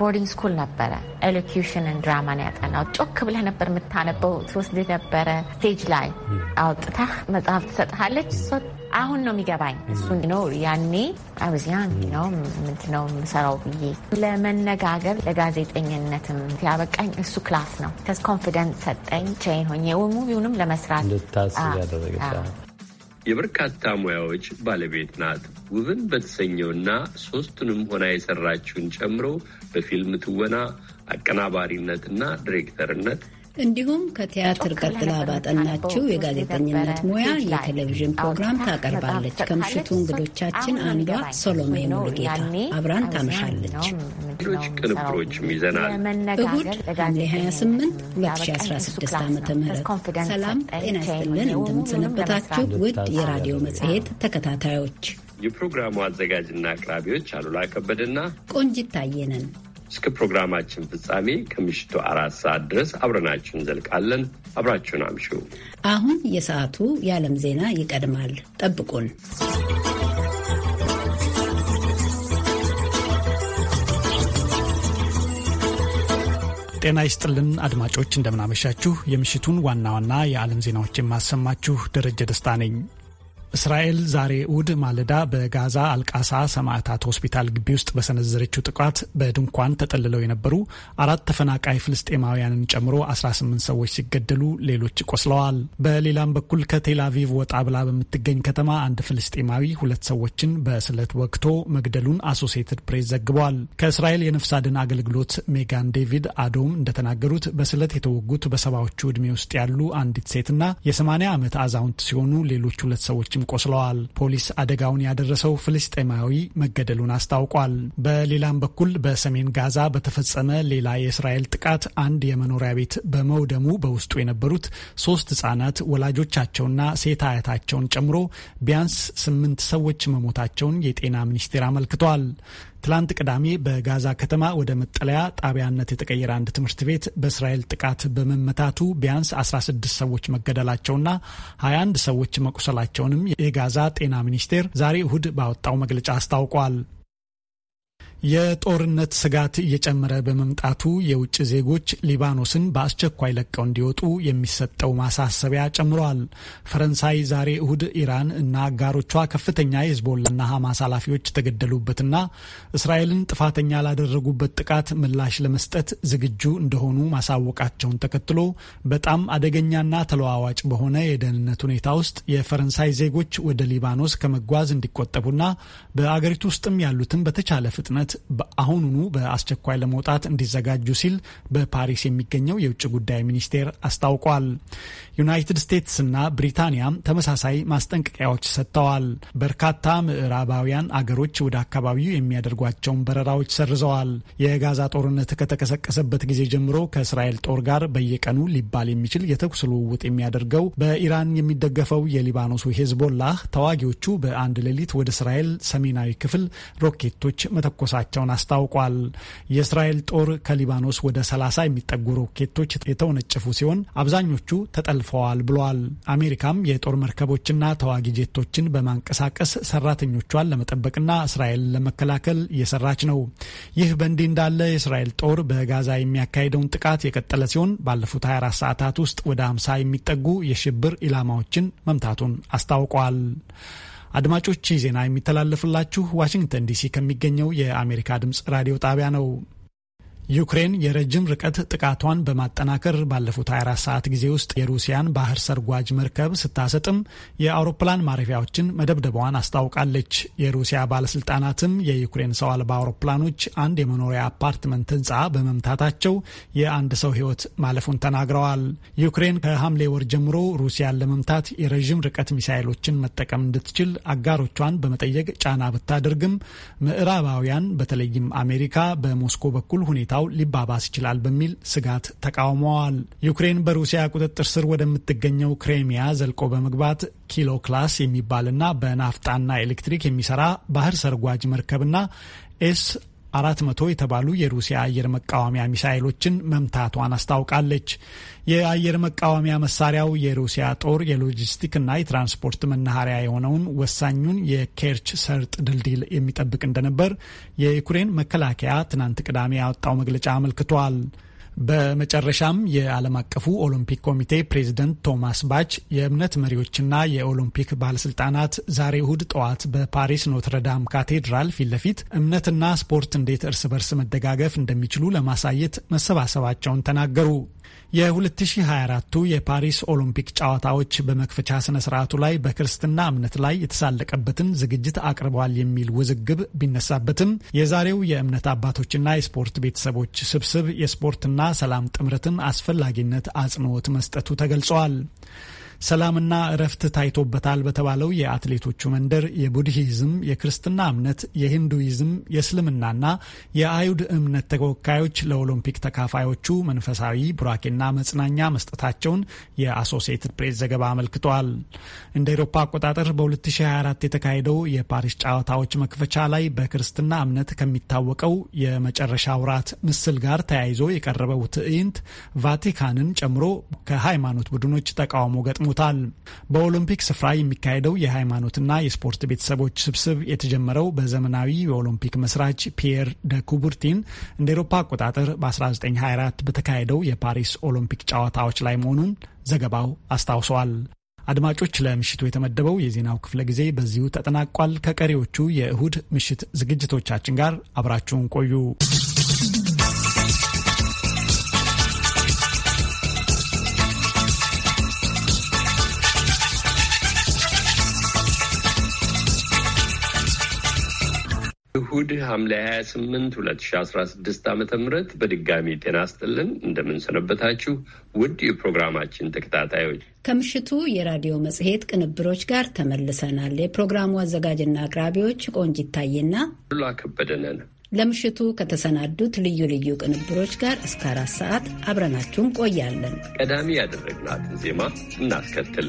ቦርዲንግ ስኩል ነበረ። ኤሎኪሽንን ድራማን ያጠናው ጮክ ብለህ ነበር የምታነበው። ትወስድ ነበረ ስቴጅ ላይ hmm. አውጥታ መጽሐፍ ትሰጥሃለች። አሁን ነው የሚገባኝ hmm. እሱ ነው ያኔ አብዚያን ነው ነው የምሰራው ብዬ ለመነጋገር ለጋዜጠኝነትም ያበቃኝ እሱ ክላስ ነው። ከስ ኮንፊደንስ ሰጠኝ። ቼን ሆኜ ሙቪውንም ለመስራት የበርካታ ሙያዎች ባለቤት ናት። ውብን በተሰኘውና ሶስቱንም ሆና የሰራችውን ጨምሮ በፊልም ትወና አቀናባሪነትና ዲሬክተርነት እንዲሁም ከቲያትር ቀጥላ ባጠናችው የጋዜጠኝነት ሙያ የቴሌቪዥን ፕሮግራም ታቀርባለች። ከምሽቱ እንግዶቻችን አንዷ ሶሎሜ ሙሉጌታ አብራን ታመሻለች። ሌሎች ቅንብሮችም ይዘናል። እሁድ ሐምሌ 28 2016 ዓ ም ሰላም ጤና ይስጥልን። እንደምንሰነበታችሁ ውድ የራዲዮ መጽሔት ተከታታዮች የፕሮግራሙ አዘጋጅና አቅራቢዎች አሉላ ከበደና ቆንጂት ታየነን እስከ ፕሮግራማችን ፍጻሜ ከምሽቱ አራት ሰዓት ድረስ አብረናችሁን ዘልቃለን። አብራችሁን አምሹ። አሁን የሰዓቱ የዓለም ዜና ይቀድማል። ጠብቁን። ጤና ይስጥልን አድማጮች፣ እንደምናመሻችሁ። የምሽቱን ዋና ዋና የዓለም ዜናዎች የማሰማችሁ ደረጀ ደስታ ነኝ። እስራኤል ዛሬ እሁድ ማለዳ በጋዛ አልቃሳ ሰማዕታት ሆስፒታል ግቢ ውስጥ በሰነዘረችው ጥቃት በድንኳን ተጠልለው የነበሩ አራት ተፈናቃይ ፍልስጤማውያንን ጨምሮ 18 ሰዎች ሲገደሉ ሌሎች ቆስለዋል። በሌላም በኩል ከቴል አቪቭ ወጣ ብላ በምትገኝ ከተማ አንድ ፍልስጤማዊ ሁለት ሰዎችን በስለት ወግቶ መግደሉን አሶሲየትድ ፕሬስ ዘግቧል። ከእስራኤል የነፍስ አድን አገልግሎት ሜጋን ዴቪድ አዶም እንደተናገሩት በስለት የተወጉት በሰባዎቹ ዕድሜ ውስጥ ያሉ አንዲት ሴትና የ80 ዓመት አዛውንት ሲሆኑ ሌሎች ሁለት ሰዎች ሰዎችም ቆስለዋል። ፖሊስ አደጋውን ያደረሰው ፍልስጤማዊ መገደሉን አስታውቋል። በሌላም በኩል በሰሜን ጋዛ በተፈጸመ ሌላ የእስራኤል ጥቃት አንድ የመኖሪያ ቤት በመውደሙ በውስጡ የነበሩት ሶስት ህጻናት ወላጆቻቸውና ሴት አያታቸውን ጨምሮ ቢያንስ ስምንት ሰዎች መሞታቸውን የጤና ሚኒስቴር አመልክቷል። ትላንት ቅዳሜ በጋዛ ከተማ ወደ መጠለያ ጣቢያነት የተቀየረ አንድ ትምህርት ቤት በእስራኤል ጥቃት በመመታቱ ቢያንስ 16 ሰዎች መገደላቸውና 21 ሰዎች መቁሰላቸውንም የጋዛ ጤና ሚኒስቴር ዛሬ እሁድ ባወጣው መግለጫ አስታውቋል። የጦርነት ስጋት እየጨመረ በመምጣቱ የውጭ ዜጎች ሊባኖስን በአስቸኳይ ለቀው እንዲወጡ የሚሰጠው ማሳሰቢያ ጨምረዋል። ፈረንሳይ ዛሬ እሁድ ኢራን እና አጋሮቿ ከፍተኛ የህዝቦላና ሐማስ ኃላፊዎች የተገደሉበትና እስራኤልን ጥፋተኛ ላደረጉበት ጥቃት ምላሽ ለመስጠት ዝግጁ እንደሆኑ ማሳወቃቸውን ተከትሎ በጣም አደገኛና ተለዋዋጭ በሆነ የደህንነት ሁኔታ ውስጥ የፈረንሳይ ዜጎች ወደ ሊባኖስ ከመጓዝ እንዲቆጠቡና በአገሪቱ ውስጥም ያሉትን በተቻለ ፍጥነት በአሁኑኑ በአስቸኳይ ለመውጣት እንዲዘጋጁ ሲል በፓሪስ የሚገኘው የውጭ ጉዳይ ሚኒስቴር አስታውቋል። ዩናይትድ እና ብሪታንያም ተመሳሳይ ማስጠንቀቂያዎች ሰጥተዋል። በርካታ ምዕራባውያን አገሮች ወደ አካባቢው የሚያደርጓቸውን በረራዎች ሰርዘዋል። የጋዛ ጦርነት ከተቀሰቀሰበት ጊዜ ጀምሮ ከእስራኤል ጦር ጋር በየቀኑ ሊባል የሚችል የተኩስ ልውውጥ የሚያደርገው በኢራን የሚደገፈው የሊባኖሱ ሄዝቦላህ ተዋጊዎቹ በአንድ ሌሊት ወደ እስራኤል ሰሜናዊ ክፍል ሮኬቶች መተኮሳቸውን አስታውቋል። የእስራኤል ጦር ከሊባኖስ ወደ ሰላሳ የሚጠጉ ሮኬቶች የተወነጨፉ ሲሆን አብዛኞቹ ተጠልፈ አሳልፈዋል ብሏል። አሜሪካም የጦር መርከቦችና ተዋጊ ጄቶችን በማንቀሳቀስ ሰራተኞቿን ለመጠበቅና እስራኤልን ለመከላከል እየሰራች ነው። ይህ በእንዲህ እንዳለ የእስራኤል ጦር በጋዛ የሚያካሄደውን ጥቃት የቀጠለ ሲሆን ባለፉት 24 ሰዓታት ውስጥ ወደ 50 የሚጠጉ የሽብር ኢላማዎችን መምታቱን አስታውቋል። አድማጮች ዜና የሚተላለፍላችሁ ዋሽንግተን ዲሲ ከሚገኘው የአሜሪካ ድምፅ ራዲዮ ጣቢያ ነው። ዩክሬን የረጅም ርቀት ጥቃቷን በማጠናከር ባለፉት 24 ሰዓት ጊዜ ውስጥ የሩሲያን ባህር ሰርጓጅ መርከብ ስታሰጥም የአውሮፕላን ማረፊያዎችን መደብደቧን አስታውቃለች። የሩሲያ ባለስልጣናትም የዩክሬን ሰው አልባ አውሮፕላኖች አንድ የመኖሪያ አፓርትመንት ህንፃ በመምታታቸው የአንድ ሰው ህይወት ማለፉን ተናግረዋል። ዩክሬን ከሐምሌ ወር ጀምሮ ሩሲያን ለመምታት የረዥም ርቀት ሚሳይሎችን መጠቀም እንድትችል አጋሮቿን በመጠየቅ ጫና ብታደርግም ምዕራባውያን በተለይም አሜሪካ በሞስኮ በኩል ሁኔታ ሁኔታው ሊባባስ ይችላል በሚል ስጋት ተቃውመዋል። ዩክሬን በሩሲያ ቁጥጥር ስር ወደምትገኘው ክሬሚያ ዘልቆ በመግባት ኪሎ ክላስ የሚባልና በናፍጣና ኤሌክትሪክ የሚሰራ ባህር ሰርጓጅ መርከብና ኤስ አራት መቶ የተባሉ የሩሲያ አየር መቃወሚያ ሚሳይሎችን መምታቷን አስታውቃለች። የአየር መቃወሚያ መሳሪያው የሩሲያ ጦር የሎጂስቲክና የትራንስፖርት መናኸሪያ የሆነውን ወሳኙን የኬርች ሰርጥ ድልድል የሚጠብቅ እንደነበር የዩክሬን መከላከያ ትናንት ቅዳሜ ያወጣው መግለጫ አመልክቷል። በመጨረሻም የዓለም አቀፉ ኦሎምፒክ ኮሚቴ ፕሬዝደንት ቶማስ ባች የእምነት መሪዎችና የኦሎምፒክ ባለስልጣናት ዛሬ እሁድ ጠዋት በፓሪስ ኖትረዳም ካቴድራል ፊት ለፊት እምነትና ስፖርት እንዴት እርስ በርስ መደጋገፍ እንደሚችሉ ለማሳየት መሰባሰባቸውን ተናገሩ። የ2024ቱ የፓሪስ ኦሎምፒክ ጨዋታዎች በመክፈቻ ስነ ስርዓቱ ላይ በክርስትና እምነት ላይ የተሳለቀበትን ዝግጅት አቅርበዋል የሚል ውዝግብ ቢነሳበትም የዛሬው የእምነት አባቶችና የስፖርት ቤተሰቦች ስብስብ የስፖርትና ሰላም ጥምረትን አስፈላጊነት አጽንኦት መስጠቱ ተገልጿል። ሰላምና እረፍት ታይቶበታል በተባለው የአትሌቶቹ መንደር የቡድሂዝም፣ የክርስትና እምነት፣ የሂንዱይዝም፣ የእስልምናና የአይሁድ እምነት ተወካዮች ለኦሎምፒክ ተካፋዮቹ መንፈሳዊ ቡራኬና መጽናኛ መስጠታቸውን የአሶሲኤትድ ፕሬስ ዘገባ አመልክቷል። እንደ ኤሮፓ አቆጣጠር በ2024 የተካሄደው የፓሪስ ጨዋታዎች መክፈቻ ላይ በክርስትና እምነት ከሚታወቀው የመጨረሻ ውራት ምስል ጋር ተያይዞ የቀረበው ትዕይንት ቫቲካንን ጨምሮ ከሃይማኖት ቡድኖች ተቃውሞ ገጥሞ ይሾሙታል። በኦሎምፒክ ስፍራ የሚካሄደው የሃይማኖትና የስፖርት ቤተሰቦች ስብስብ የተጀመረው በዘመናዊ የኦሎምፒክ መስራች ፒየር ደ ኩቡርቲን እንደ ኤሮፓ አቆጣጠር በ1924 በተካሄደው የፓሪስ ኦሎምፒክ ጨዋታዎች ላይ መሆኑን ዘገባው አስታውሷል። አድማጮች፣ ለምሽቱ የተመደበው የዜናው ክፍለ ጊዜ በዚሁ ተጠናቋል። ከቀሪዎቹ የእሁድ ምሽት ዝግጅቶቻችን ጋር አብራችሁን ቆዩ። እሁድ ሐምሌ 28 2016 ዓ ም በድጋሚ ጤና ስጥልን እንደምንሰነበታችሁ ውድ የፕሮግራማችን ተከታታዮች ከምሽቱ የራዲዮ መጽሔት ቅንብሮች ጋር ተመልሰናል። የፕሮግራሙ አዘጋጅና አቅራቢዎች ቆንጅ ይታይና ሉላ ከበደ ነን። ለምሽቱ ከተሰናዱት ልዩ ልዩ ቅንብሮች ጋር እስከ አራት ሰዓት አብረናችሁን ቆያለን። ቀዳሚ ያደረግናትን ዜማ እናስከትል።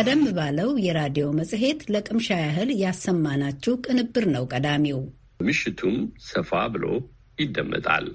ቀደም ባለው የራዲዮ መጽሔት ለቅምሻ ያህል ያሰማናችሁ ቅንብር ነው ቀዳሚው። ምሽቱም ሰፋ ብሎ ይደመጣል።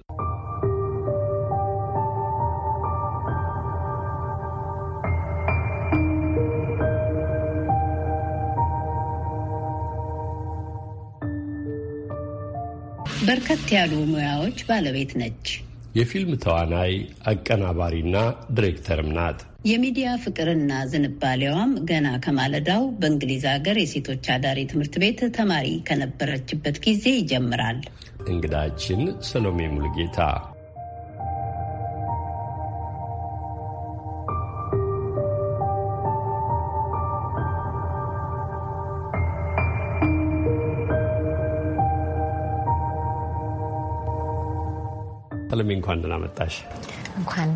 በርከት ያሉ ሙያዎች ባለቤት ነች። የፊልም ተዋናይ አቀናባሪና ዲሬክተርም ናት። የሚዲያ ፍቅርና ዝንባሌዋም ገና ከማለዳው በእንግሊዝ ሀገር የሴቶች አዳሪ ትምህርት ቤት ተማሪ ከነበረችበት ጊዜ ይጀምራል። እንግዳችን ሰሎሜ ሙልጌታ ሰለሚ እንኳን ደህና መጣሽ። እንኳን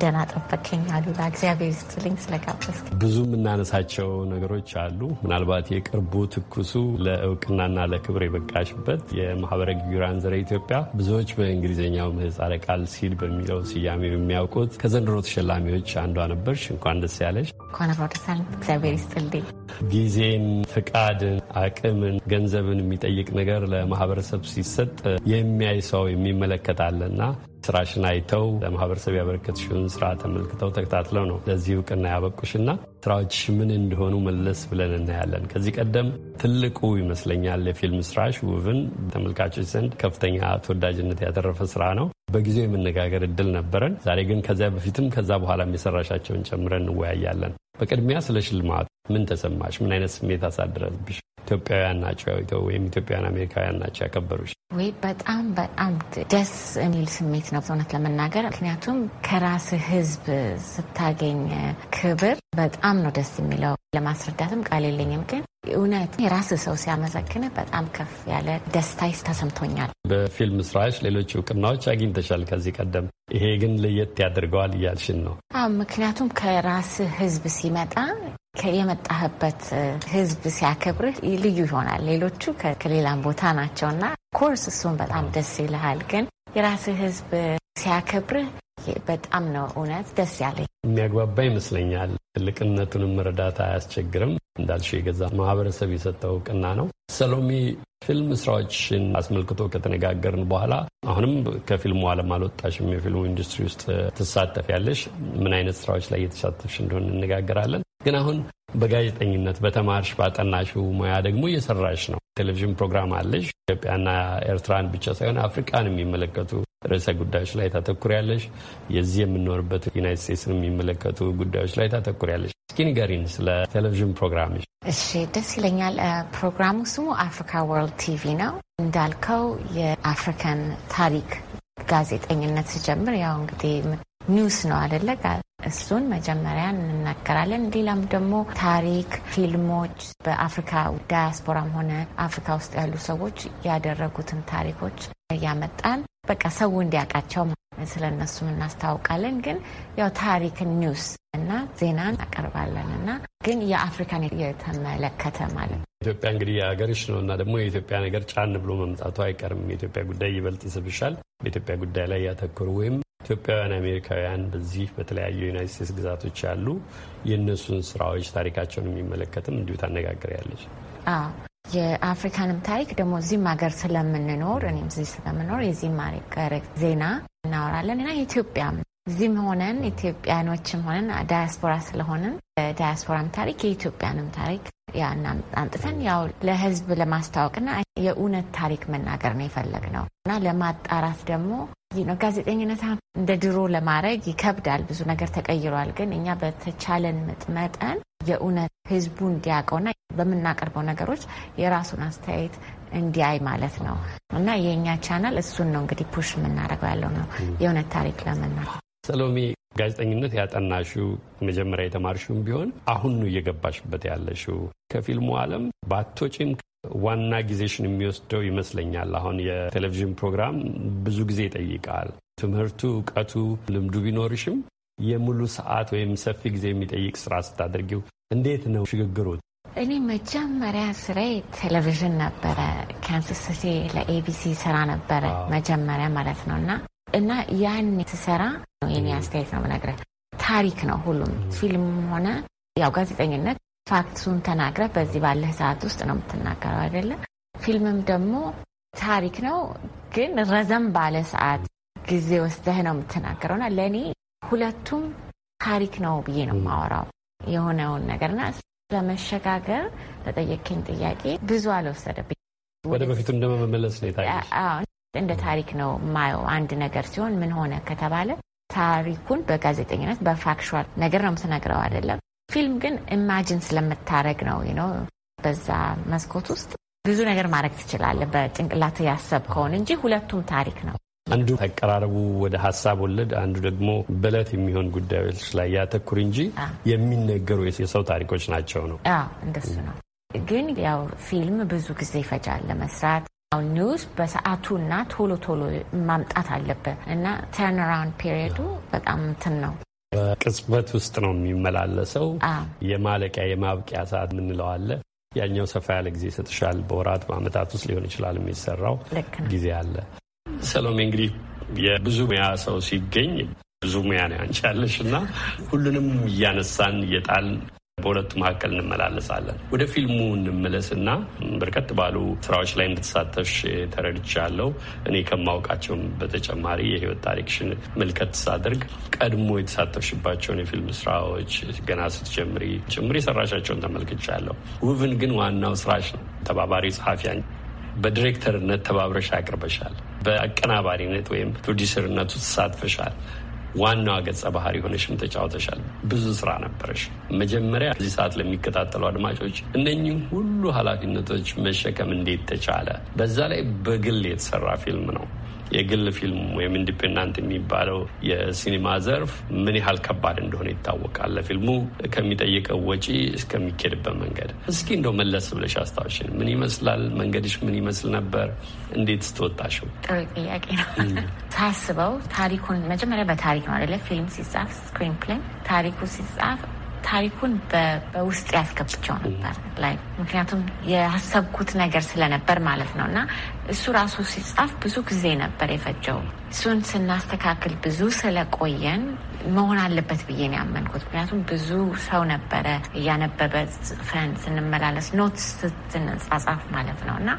ደህና ጠበከኝ አሉላ። እግዚአብሔር ይስጥልኝ ስለጋበዝ። ብዙ የምናነሳቸው ነገሮች አሉ። ምናልባት የቅርቡ ትኩሱ ለእውቅናና ለክብር የበቃሽበት የማህበረ ጊራን ዘረ ኢትዮጵያ ብዙዎች በእንግሊዝኛው ምህጻረ ቃል ሲል በሚለው ስያሜ የሚያውቁት ከዘንድሮ ተሸላሚዎች አንዷ ነበርሽ። እንኳን ደስ ያለሽ። እንኳን ሮደሳል። እግዚአብሔር ይስጥልኝ። ጊዜን፣ ፍቃድን፣ አቅምን፣ ገንዘብን የሚጠይቅ ነገር ለማህበረሰብ ሲሰጥ የሚያይ ሰው የሚመለከታለና ስራሽን አይተው ለማህበረሰብ ያበረከትሽውን ስራ ተመልክተው ተከታትለው ነው ለዚህ እውቅና ያበቁሽና ስራዎች ምን እንደሆኑ መለስ ብለን እናያለን። ከዚህ ቀደም ትልቁ ይመስለኛል የፊልም ስራሽ ውብን ተመልካቾች ዘንድ ከፍተኛ ተወዳጅነት ያተረፈ ስራ ነው። በጊዜው የመነጋገር እድል ነበረን። ዛሬ ግን ከዚያ በፊትም ከዛ በኋላም የሰራሻቸውን ጨምረን እንወያያለን። በቅድሚያ ስለ ሽልማቱ ምን ተሰማሽ? ምን አይነት ስሜት አሳድረብሽ? ኢትዮጵያውያን ናቸው ወይም ኢትዮጵያውያን አሜሪካውያን ናቸው ያከበሩሽ? ወይ በጣም በጣም ደስ የሚል ስሜት ነው እውነት ለመናገር ምክንያቱም ከራስ ህዝብ ስታገኝ ክብር በጣም ነው ደስ የሚለው። ለማስረዳትም ቃል የለኝም ግን እውነት የራስ ሰው ሲያመሰግን በጣም ከፍ ያለ ደስታይስ ተሰምቶኛል። በፊልም ስራዎች ሌሎች እውቅናዎች አግኝተሻል ከዚህ ቀደም ይሄ ግን ለየት ያደርገዋል እያልሽን ነው? ምክንያቱም ከራስ ህዝብ ሲመጣ ከየመጣህበት ህዝብ ሲያከብርህ ልዩ ይሆናል። ሌሎቹ ከሌላም ቦታ ናቸውና ኮርስ እሱን በጣም ደስ ይልሃል። ግን የራስህ ህዝብ ሲያከብርህ በጣም ነው እውነት ደስ ያለ የሚያግባባ ይመስለኛል። ትልቅነቱንም መረዳት አያስቸግርም። እንዳልሽው የገዛ ማህበረሰብ የሰጠው እውቅና ነው። ሰሎሜ፣ ፊልም ስራዎችን አስመልክቶ ከተነጋገርን በኋላ አሁንም ከፊልሙ ዓለም አልወጣሽም፣ የፊልሙ ኢንዱስትሪ ውስጥ ትሳተፍ ያለሽ ምን አይነት ስራዎች ላይ እየተሳተፍሽ እንደሆን እንነጋገራለን። ግን አሁን በጋዜጠኝነት በተማርሽ ባጠናሽው ሙያ ደግሞ እየሰራሽ ነው። ቴሌቪዥን ፕሮግራም አለሽ። ኢትዮጵያና ኤርትራን ብቻ ሳይሆን አፍሪቃን የሚመለከቱ ርዕሰ ጉዳዮች ላይ ታተኩሪያለሽ። የዚህ የምንኖርበት ዩናይት ስቴትስን የሚመለከቱ ጉዳዮች ላይ ታተኩሪያለሽ። እስኪ ንገሪን ስለ ቴሌቪዥን ፕሮግራም። እሺ፣ ደስ ይለኛል። ፕሮግራሙ ስሙ አፍሪካ ወርልድ ቲቪ ነው። እንዳልከው የአፍሪካን ታሪክ ጋዜጠኝነት ስጀምር ያው እንግዲህ ኒውስ ነው አደለ? እሱን መጀመሪያ እንናገራለን። ሌላም ደግሞ ታሪክ፣ ፊልሞች በአፍሪካ ዳያስፖራም ሆነ አፍሪካ ውስጥ ያሉ ሰዎች ያደረጉትን ታሪኮች እያመጣን በቃ ሰው እንዲያውቃቸው ስለ እነሱም እናስታውቃለን። ግን ያው ታሪክን ኒውስ እና ዜናን አቀርባለን እና ግን የአፍሪካን የተመለከተ ማለት ነው። ኢትዮጵያ እንግዲህ የሀገርሽ ነው እና ደግሞ የኢትዮጵያ ነገር ጫን ብሎ መምጣቱ አይቀርም። የኢትዮጵያ ጉዳይ ይበልጥ ይስብሻል። በኢትዮጵያ ጉዳይ ላይ ያተኮሩ ወይም ኢትዮጵያውያን አሜሪካውያን በዚህ በተለያዩ ዩናይት ስቴትስ ግዛቶች ያሉ የእነሱን ስራዎች ታሪካቸውን የሚመለከትም እንዲሁ ያለች። የአፍሪካንም ታሪክ ደግሞ እዚህም ሀገር ስለምንኖር እኔም እዚህ ስለምኖር የዚህም ሀገር ዜና እናወራለን እና ኢትዮጵያም እዚህም ሆነን ኢትዮጵያኖችም ሆነን ዳያስፖራ ስለሆንን ዳያስፖራም ታሪክ የኢትዮጵያንም ታሪክ ያን አምጥተን ያው ለህዝብ ለማስታወቅና የእውነት ታሪክ መናገር ነው የፈለግነው እና ለማጣራት ደግሞ ጋዜጠኝነት እንደ ድሮ ለማድረግ ይከብዳል። ብዙ ነገር ተቀይሯል። ግን እኛ በተቻለን መጠን የእውነት ህዝቡ እንዲያውቀውና በምናቀርበው ነገሮች የራሱን አስተያየት እንዲያይ ማለት ነው እና የእኛ ቻናል እሱን ነው እንግዲህ ፑሽ የምናደርገው ያለው ነው የእውነት ታሪክ ለመናገር ሰሎሜ ጋዜጠኝነት ያጠናሹ መጀመሪያ የተማርሹም ቢሆን አሁን ነው እየገባሽበት ያለሽው ከፊልሙ አለም ባቶጪም ዋና ጊዜሽን የሚወስደው ይመስለኛል። አሁን የቴሌቪዥን ፕሮግራም ብዙ ጊዜ ይጠይቃል። ትምህርቱ፣ እውቀቱ፣ ልምዱ ቢኖርሽም የሙሉ ሰዓት ወይም ሰፊ ጊዜ የሚጠይቅ ስራ ስታደርጊው እንዴት ነው ሽግግሩ? እኔ መጀመሪያ ስራ ቴሌቪዥን ነበረ። ካንሳስ ሲቲ ለኤቢሲ ስራ ነበረ መጀመሪያ ማለት ነው እና እና ያን ስሰራ የኔ አስተያየት ነው ምነግረ ታሪክ ነው ሁሉም ፊልም ሆነ ያው ጋዜጠኝነት ፋክቱን ተናግረ በዚህ ባለህ ሰዓት ውስጥ ነው የምትናገረው አይደለ? ፊልምም ደግሞ ታሪክ ነው ግን ረዘም ባለ ሰዓት ጊዜ ወስደህ ነው ና ለእኔ ሁለቱም ታሪክ ነው ብዬ ነው የማወራው የሆነውን ነገርና ለመሸጋገር ለጠየቅኝ ጥያቄ ብዙ አልወሰደብኝ። ወደ በፊቱ እንደመመለስ ነው እንደ ታሪክ ነው የማየው። አንድ ነገር ሲሆን ምን ሆነ ከተባለ ታሪኩን በጋዜጠኝነት በፋክሽዋል ነገር ነው የምትነግረው አይደለም። ፊልም ግን ኢማጂን ስለምታረግ ነው ነው። በዛ መስኮት ውስጥ ብዙ ነገር ማድረግ ትችላለህ በጭንቅላት ያሰብከውን እንጂ ሁለቱም ታሪክ ነው። አንዱ አቀራረቡ ወደ ሀሳብ ወለድ፣ አንዱ ደግሞ በእለት የሚሆን ጉዳዮች ላይ ያተኩር እንጂ የሚነገሩ የሰው ታሪኮች ናቸው ነው። እንደሱ ነው። ግን ያው ፊልም ብዙ ጊዜ ይፈጃል ለመስራት ኒውስ በሰዓቱና ቶሎ ቶሎ ማምጣት አለበት እና ተርንራውንድ ፔሪየዱ በጣም እንትን ነው። በቅጽበት ውስጥ ነው የሚመላለሰው። የማለቂያ የማብቂያ ሰዓት የምንለው አለ። ያኛው ሰፋ ያለ ጊዜ ይሰጥሻል። በወራት በአመታት ውስጥ ሊሆን ይችላል የሚሰራው ጊዜ አለ። ሰሎሜ እንግዲህ የብዙ ሙያ ሰው ሲገኝ ብዙ ሙያ ነው ያንቺ ያለሽ እና ሁሉንም እያነሳን እየጣል በሁለቱ መካከል እንመላለሳለን። ወደ ፊልሙ እንመለስና በርከት ባሉ ስራዎች ላይ እንድትሳተፍሽ ተረድቻለሁ። እኔ ከማውቃቸውም በተጨማሪ የህይወት ታሪክሽን መልከት ሳደርግ ቀድሞ የተሳተፍሽባቸውን የፊልም ስራዎች ገና ስትጀምሪ ጭምር የሰራሻቸውን ተመልክቻለሁ። ውብን ግን ዋናው ስራሽ ነው። ተባባሪ ጸሐፊያን በዲሬክተርነት ተባብረሽ አቅርበሻል። በአቀናባሪነት ወይም ፕሮዲሰርነቱ ተሳትፈሻል። ዋናዋ ገጸ ባህሪ የሆነሽም ተጫውተሻል። ብዙ ስራ ነበረሽ። መጀመሪያ እዚህ ሰዓት ለሚከታተሉ አድማጮች እነኚህ ሁሉ ኃላፊነቶች መሸከም እንዴት ተቻለ? በዛ ላይ በግል የተሰራ ፊልም ነው። የግል ፊልም ወይም ኢንዲፔንዳንት የሚባለው የሲኒማ ዘርፍ ምን ያህል ከባድ እንደሆነ ይታወቃል። ለፊልሙ ከሚጠይቀው ወጪ እስከሚኬድበት መንገድ እስኪ እንደው መለስ ብለሽ አስታውሽን። ምን ይመስላል መንገድሽ? ምን ይመስል ነበር? እንዴት ስትወጣሽው? ጥሩ ጥያቄ ነው። ሳስበው ታሪኩን መጀመሪያ በታሪክ ነው አይደለ ፊልም ሲጻፍ ስክሪን ፕሌይ ታሪኩ ሲጻፍ ታሪኩን በውስጥ ያስገብቸው ነበር። ምክንያቱም የሀሰብኩት ነገር ስለነበር ማለት ነው። እና እሱ ራሱ ሲጻፍ ብዙ ጊዜ ነበር የፈጀው። እሱን ስናስተካክል ብዙ ስለቆየን መሆን አለበት ብዬን ያመንኩት። ምክንያቱም ብዙ ሰው ነበረ እያነበበ ጽፈን ስንመላለስ ኖት ስንጻጻፍ ማለት ነው እና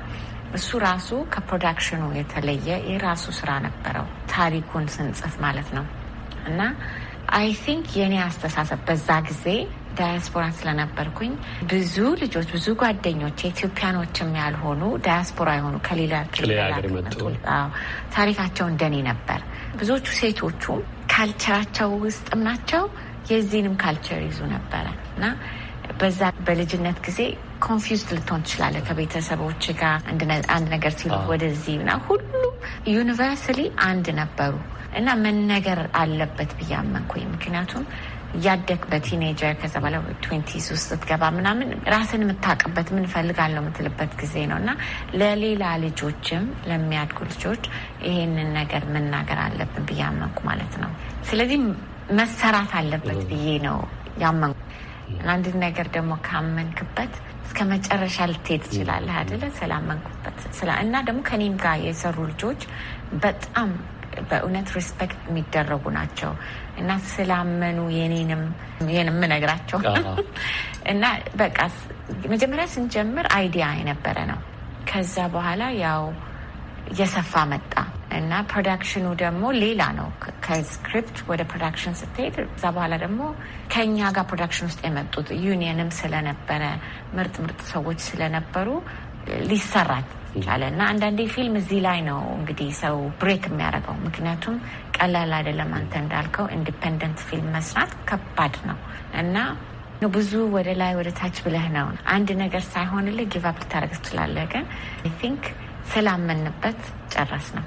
እሱ ራሱ ከፕሮዳክሽኑ የተለየ የራሱ ስራ ነበረው ታሪኩን ስንጽፍ ማለት ነው እና አይ ቲንክ የእኔ አስተሳሰብ በዛ ጊዜ ዳያስፖራ ስለነበርኩኝ ብዙ ልጆች ብዙ ጓደኞች ኢትዮጵያኖችም ያልሆኑ ዳያስፖራ የሆኑ ከሌላ ታሪካቸው እንደኔ ነበር። ብዙዎቹ ሴቶቹ ካልቸራቸው ውስጥም ናቸው የዚህንም ካልቸር ይዙ ነበረ እና በዛ በልጅነት ጊዜ ኮንፊውዝድ ልትሆን ትችላለህ። ከቤተሰቦች ጋር አንድ ነገር ሲሉ ወደዚህ ና ሁሉም ዩኒቨርሳሊ አንድ ነበሩ። እና መነገር አለበት ብዬ አመንኩኝ። ምክንያቱም እያደግ በቲኔጀር ከዛ በኋላ ትዌንቲስ ውስጥ ስትገባ ምናምን ራስን የምታውቅበት ምን እፈልጋለሁ የምትልበት ጊዜ ነው እና ለሌላ ልጆችም ለሚያድጉ ልጆች ይሄንን ነገር መናገር አለብን ብዬ አመንኩ ማለት ነው። ስለዚህ መሰራት አለበት ብዬ ነው ያመንኩ። አንድን ነገር ደግሞ ካመንክበት እስከ መጨረሻ ልትሄድ ትችላለህ አይደለ? ስላመንኩበት እና ደግሞ ከኔም ጋር የሰሩ ልጆች በጣም በእውነት ሪስፔክት የሚደረጉ ናቸው እና ስላመኑ የኔንም ይህን የምነግራቸው እና በቃ መጀመሪያ ስንጀምር አይዲያ የነበረ ነው። ከዛ በኋላ ያው እየሰፋ መጣ እና ፕሮዳክሽኑ ደግሞ ሌላ ነው። ከስክሪፕት ወደ ፕሮዳክሽን ስትሄድ እዛ በኋላ ደግሞ ከእኛ ጋር ፕሮዳክሽን ውስጥ የመጡት ዩኒየንም ስለነበረ ምርጥ ምርጥ ሰዎች ስለነበሩ ሊሰራት ይቻለ እና አንዳንዴ ፊልም እዚህ ላይ ነው እንግዲህ ሰው ብሬክ የሚያደርገው። ምክንያቱም ቀላል አይደለም። አንተ እንዳልከው ኢንዲፐንደንት ፊልም መስራት ከባድ ነው እና ብዙ ወደ ላይ ወደ ታች ብለህ ነው አንድ ነገር ሳይሆንልህ ጊቫፕ ልታደርግ ትችላለህ። ግን አይ ቲንክ ስላመንበት ጨረስ ነው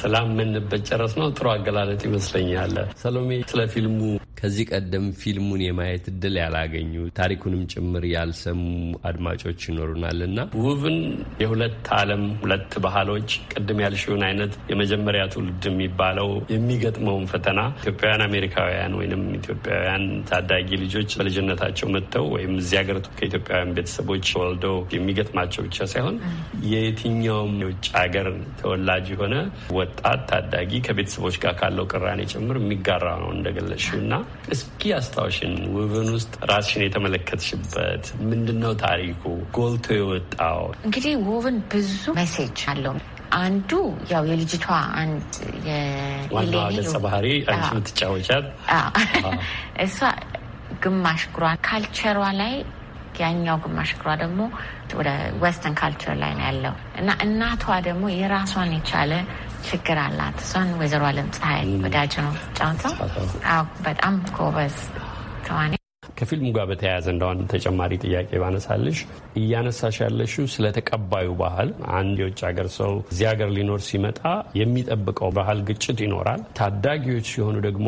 ሰላም ምንበት ጨረስ ነው ጥሩ አገላለጥ ይመስለኛል። ሰሎሜ ስለ ፊልሙ ከዚህ ቀደም ፊልሙን የማየት እድል ያላገኙ ታሪኩንም ጭምር ያልሰሙ አድማጮች ይኖሩናልና ውብን የሁለት ዓለም ሁለት ባህሎች ቅድም ያልሽውን አይነት የመጀመሪያ ትውልድ የሚባለው የሚገጥመውን ፈተና ኢትዮጵያውያን አሜሪካውያን ወይም ኢትዮጵያውያን ታዳጊ ልጆች በልጅነታቸው መጥተው ወይም እዚህ ሀገር ከኢትዮጵያውያን ቤተሰቦች ወልደው የሚገጥማቸው ብቻ ሳይሆን የየትኛውም የውጭ ሀገር ተወላጅ የሆነ ወጣት ታዳጊ ከቤተሰቦች ጋር ካለው ቅራኔ ጭምር የሚጋራ ነው እንደገለሽው እና እስኪ አስታውሽን ውብን ውስጥ ራስሽን የተመለከትሽበት ምንድን ነው ታሪኩ ጎልቶ የወጣው? እንግዲህ ውብን ብዙ ሜሴጅ አለው። አንዱ ያው የልጅቷ አንድ ዋና ገጸ ባህሪ አንቺ የምትጫወቻት እሷ ግማሽ እግሯ ካልቸሯ ላይ ያኛው ግማሽ እግሯ ደግሞ ወደ ዌስተን ካልቸር ላይ ነው ያለው እና እናቷ ደግሞ የራሷን የቻለ ችግር አላት። እሷን ወይዘሮ አለም ፀሐይ ወዳጅ ነው ጫውተው በጣም ጎበዝ ተዋኔ ከፊልሙ ጋር በተያያዘ እንደዋን ተጨማሪ ጥያቄ ባነሳልሽ እያነሳሽ ያለሽው ስለ ተቀባዩ ባህል አንድ የውጭ ሀገር ሰው እዚህ ሀገር ሊኖር ሲመጣ የሚጠብቀው ባህል ግጭት ይኖራል። ታዳጊዎች ሲሆኑ ደግሞ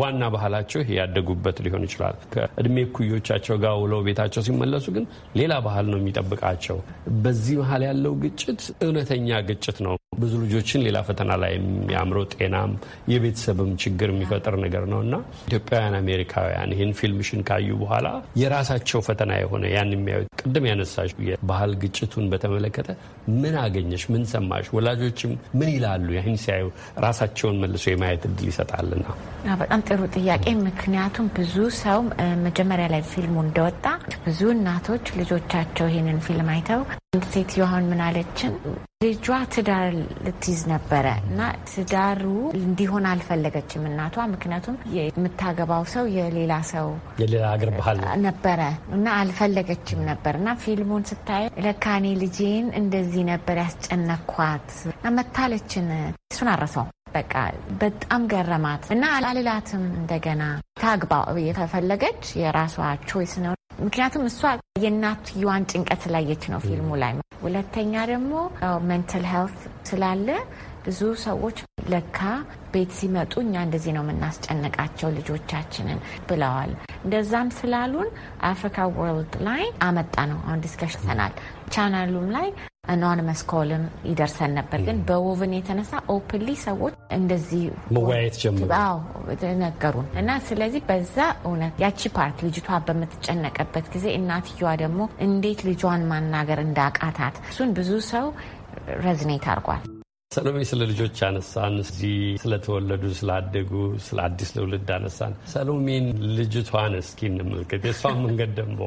ዋና ባህላቸው ያደጉበት ሊሆን ይችላል። ከእድሜ ኩዮቻቸው ጋር ውለው ቤታቸው ሲመለሱ ግን ሌላ ባህል ነው የሚጠብቃቸው። በዚህ መሀል ያለው ግጭት እውነተኛ ግጭት ነው። ብዙ ልጆችን ሌላ ፈተና ላይ የሚያምሮ ጤናም የቤተሰብም ችግር የሚፈጥር ነገር ነው እና ኢትዮጵያውያን አሜሪካውያን ይህን ፊልምሽን ካዩ በኋላ የራሳቸው ፈተና የሆነ ያን የሚያዩት ቅድም ያነሳሽ የባህል ግጭቱን በተመለከተ ምን አገኘሽ? ምን ሰማሽ? ወላጆችም ምን ይላሉ? ያህን ሲያዩ ራሳቸውን መልሶ የማየት እድል ይሰጣልና። በጣም ጥሩ ጥያቄ። ምክንያቱም ብዙ ሰው መጀመሪያ ላይ ፊልሙ እንደወጣ ብዙ እናቶች ልጆቻቸው ይህንን ፊልም አይተው አንድ ሴትዮ አሁን ምናለችን ልጇ ትዳር ልትይዝ ነበረ እና ትዳሩ እንዲሆን አልፈለገችም እናቷ። ምክንያቱም የምታገባው ሰው የሌላ ሰው የሌላ ሀገር ባህል ነበረ እና አልፈለገችም ነበር እና ፊልሙን ስታይ ለካኔ ልጄን እንደዚህ ነበር ያስጨነኳት እና መታለችን። እሱን አረሰው በቃ በጣም ገረማት እና አልላትም እንደገና ታግባ የተፈለገች የራሷ ቾይስ ነው ምክንያቱም እሷ የእናትየዋን ጭንቀት ላየች ነው ፊልሙ ላይ። ሁለተኛ ደግሞ ሜንታል ሄልት ስላለ ብዙ ሰዎች ለካ ቤት ሲመጡ እኛ እንደዚህ ነው የምናስጨንቃቸው ልጆቻችንን ብለዋል። እንደዛም ስላሉን አፍሪካ ወርልድ ላይ አመጣ ነው አሁን ዲስከሽተናል ቻናሉም ላይ አኖኒመስ ኮልም ይደርሰን ነበር። ግን በውብን የተነሳ ኦፕንሊ ሰዎች እንደዚህ መወያየት ጀምሩ ነገሩን እና ስለዚህ በዛ እውነት ያቺ ፓርት ልጅቷ በምትጨነቀበት ጊዜ እናትየዋ ደግሞ እንዴት ልጇን ማናገር እንዳቃታት እሱን ብዙ ሰው ረዝኔት አድርጓል። ሰሎሜ ስለ ልጆች አነሳን፣ እዚህ ስለተወለዱ ስላደጉ ስለ አዲስ ትውልድ አነሳን። ሰሎሜን ልጅቷን እስኪ እንመልከት። የእሷን መንገድ ደግሞ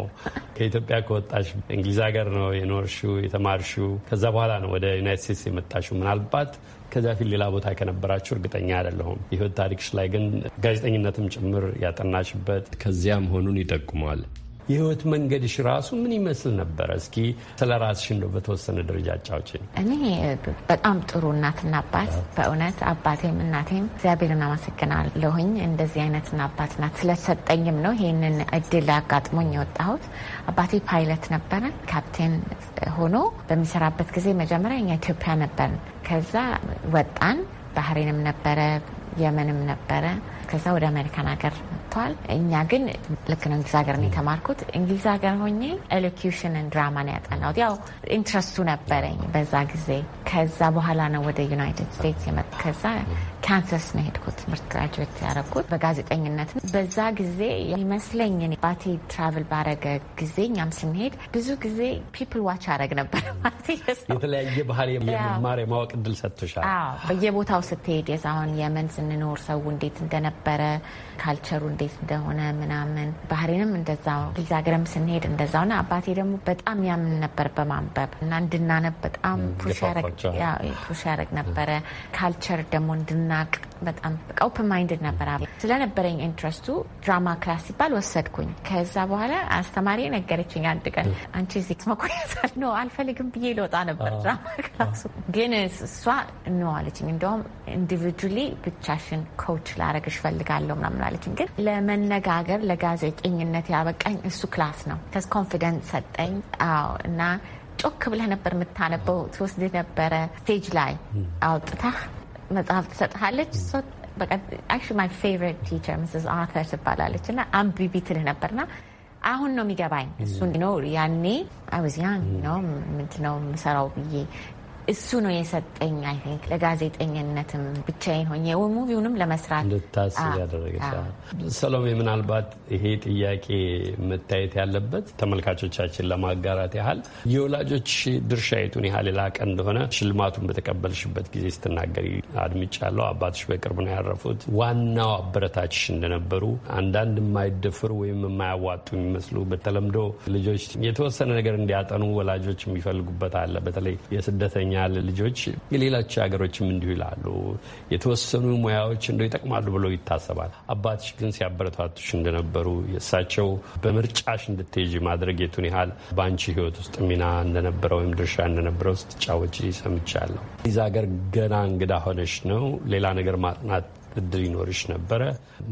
ከኢትዮጵያ ከወጣሽ እንግሊዝ ሀገር ነው የኖርሽው የተማርሽው፣ ከዛ በኋላ ነው ወደ ዩናይት ስቴትስ የመጣሽው። ምናልባት ከዚያ ፊት ሌላ ቦታ ከነበራችሁ እርግጠኛ አይደለሁም። የህይወት ታሪክሽ ላይ ግን ጋዜጠኝነትም ጭምር ያጠናሽበት ከዚያ መሆኑን ይጠቁማል። የህይወት መንገድሽ ራሱ ምን ይመስል ነበረ? እስኪ ስለ ራስሽ እንደው በተወሰነ ደረጃ አጫውጪ። እኔ በጣም ጥሩ እናትና አባት በእውነት አባቴም እናቴም እግዚአብሔርን አመሰግናለሁኝ። እንደዚህ አይነት አባት ናት ስለሰጠኝም ነው ይህንን እድል አጋጥሞኝ የወጣሁት። አባቴ ፓይለት ነበረ። ካፕቴን ሆኖ በሚሰራበት ጊዜ መጀመሪያ እኛ ኢትዮጵያ ነበርን። ከዛ ወጣን። ባህሬንም ነበረ፣ የመንም ነበረ። ከዛ ወደ አሜሪካን ሀገር ተሰርቷል። እኛ ግን ልክ ነው። እንግሊዝ ሀገር ነው የተማርኩት። እንግሊዝ ሀገር ሆኜ ኤሎኪሽንን ነው ያጠናሁት ያው ኢንትረስቱ ነበረኝ በዛ ጊዜ። ከዛ በኋላ ነው ወደ ዩናይትድ ስቴትስ የመጣ። ከዛ ካንሰስ ነው ሄድኩት ትምህርት ግራጁዌት ያደረኩት በጋዜጠኝነት። በዛ ጊዜ ይመስለኝ ባቴ ትራቭል ባረገ ጊዜ እኛም ስንሄድ ብዙ ጊዜ ፒፕል ዋች አረግ ነበር ማለት የተለያየ ባህል የመማር የማወቅ እድል ሰጥቶሻል። በየቦታው ስትሄድ የዛሁን የመን ስንኖር ሰው እንዴት እንደነበረ ካልቸሩ እንዴት እንዴት እንደሆነ ምናምን ባህሪንም እንደዛው ልጅ ሀገርም ስንሄድ እንደዛው ና አባቴ ደግሞ በጣም ያምን ነበር በማንበብ እና እንድናነብ በጣም ፑሽ ያረግ ነበረ ካልቸር ደግሞ እንድናቅ በጣም ኦፕን ማይንድድ ነበር። ስለነበረኝ ኢንትረስቱ ድራማ ክላስ ሲባል ወሰድኩኝ። ከዛ በኋላ አስተማሪ ነገረችኝ አንድ ቀን አንቺ እዚህ መቆየት ነው አልፈልግም ብዬ ልወጣ ነበር ድራማ ክላሱ። ግን እሷ አለችኝ። እንደውም ኢንዲቪጁዋሊ ብቻሽን ኮች ላረግሽ ፈልጋለሁ ምናምን አለችኝ። ግን ለመነጋገር ለጋዜጠኝነት ያበቃኝ እሱ ክላስ ነው። ከዚ ኮንፊደንስ ሰጠኝ። አዎ እና ጮክ ብለህ ነበር የምታነበው፣ ትወስድ ነበረ ስቴጅ ላይ አውጥታ መጽሐፍ ትሰጥሃለች። ማይ ፌቨሪት ቲቸር ምስስ አተር ትባላለች እና አንብቢ ትልህ ነበርና አሁን ነው የሚገባኝ እሱ ያኔ አይ ዋዝ ያንግ ነው ምንድነው የምሰራው ብዬ እሱ ነው የሰጠኝ አይ ቲንክ ለጋዜጠኝነትም ብቻዬን ሆኜ ሙቪውንም ለመስራት እንድታስብ ያደረገች ሰሎሜ። ምናልባት ይሄ ጥያቄ መታየት ያለበት ተመልካቾቻችን ለማጋራት ያህል የወላጆች ድርሻ የቱን ያህል የላቀ እንደሆነ ሽልማቱን በተቀበልሽበት ጊዜ ስትናገሪ አድምጫለሁ። አባትሽ በቅርብ ነው ያረፉት። ዋናው አበረታችሽ እንደነበሩ አንዳንድ የማይደፍሩ ወይም የማያዋጡ የሚመስሉ በተለምዶ ልጆች የተወሰነ ነገር እንዲያጠኑ ወላጆች የሚፈልጉበት አለ በተለይ የስደተኛ ይመስለኛል ልጆች የሌሎች ሀገሮችም እንዲሁ ይላሉ። የተወሰኑ ሙያዎች እንደው ይጠቅማሉ ብሎ ይታሰባል። አባትሽ ግን ሲያበረታቱሽ እንደነበሩ የእሳቸው በምርጫሽ እንድትሄጂ ማድረግ የቱን ያህል በአንቺ ህይወት ውስጥ ሚና እንደነበረ ወይም ድርሻ እንደነበረው ስትጫወች ሰምቻለሁ። እዚህ ሀገር ገና እንግዳ ሆነሽ ነው። ሌላ ነገር ማጥናት እድል ይኖርሽ ነበረ።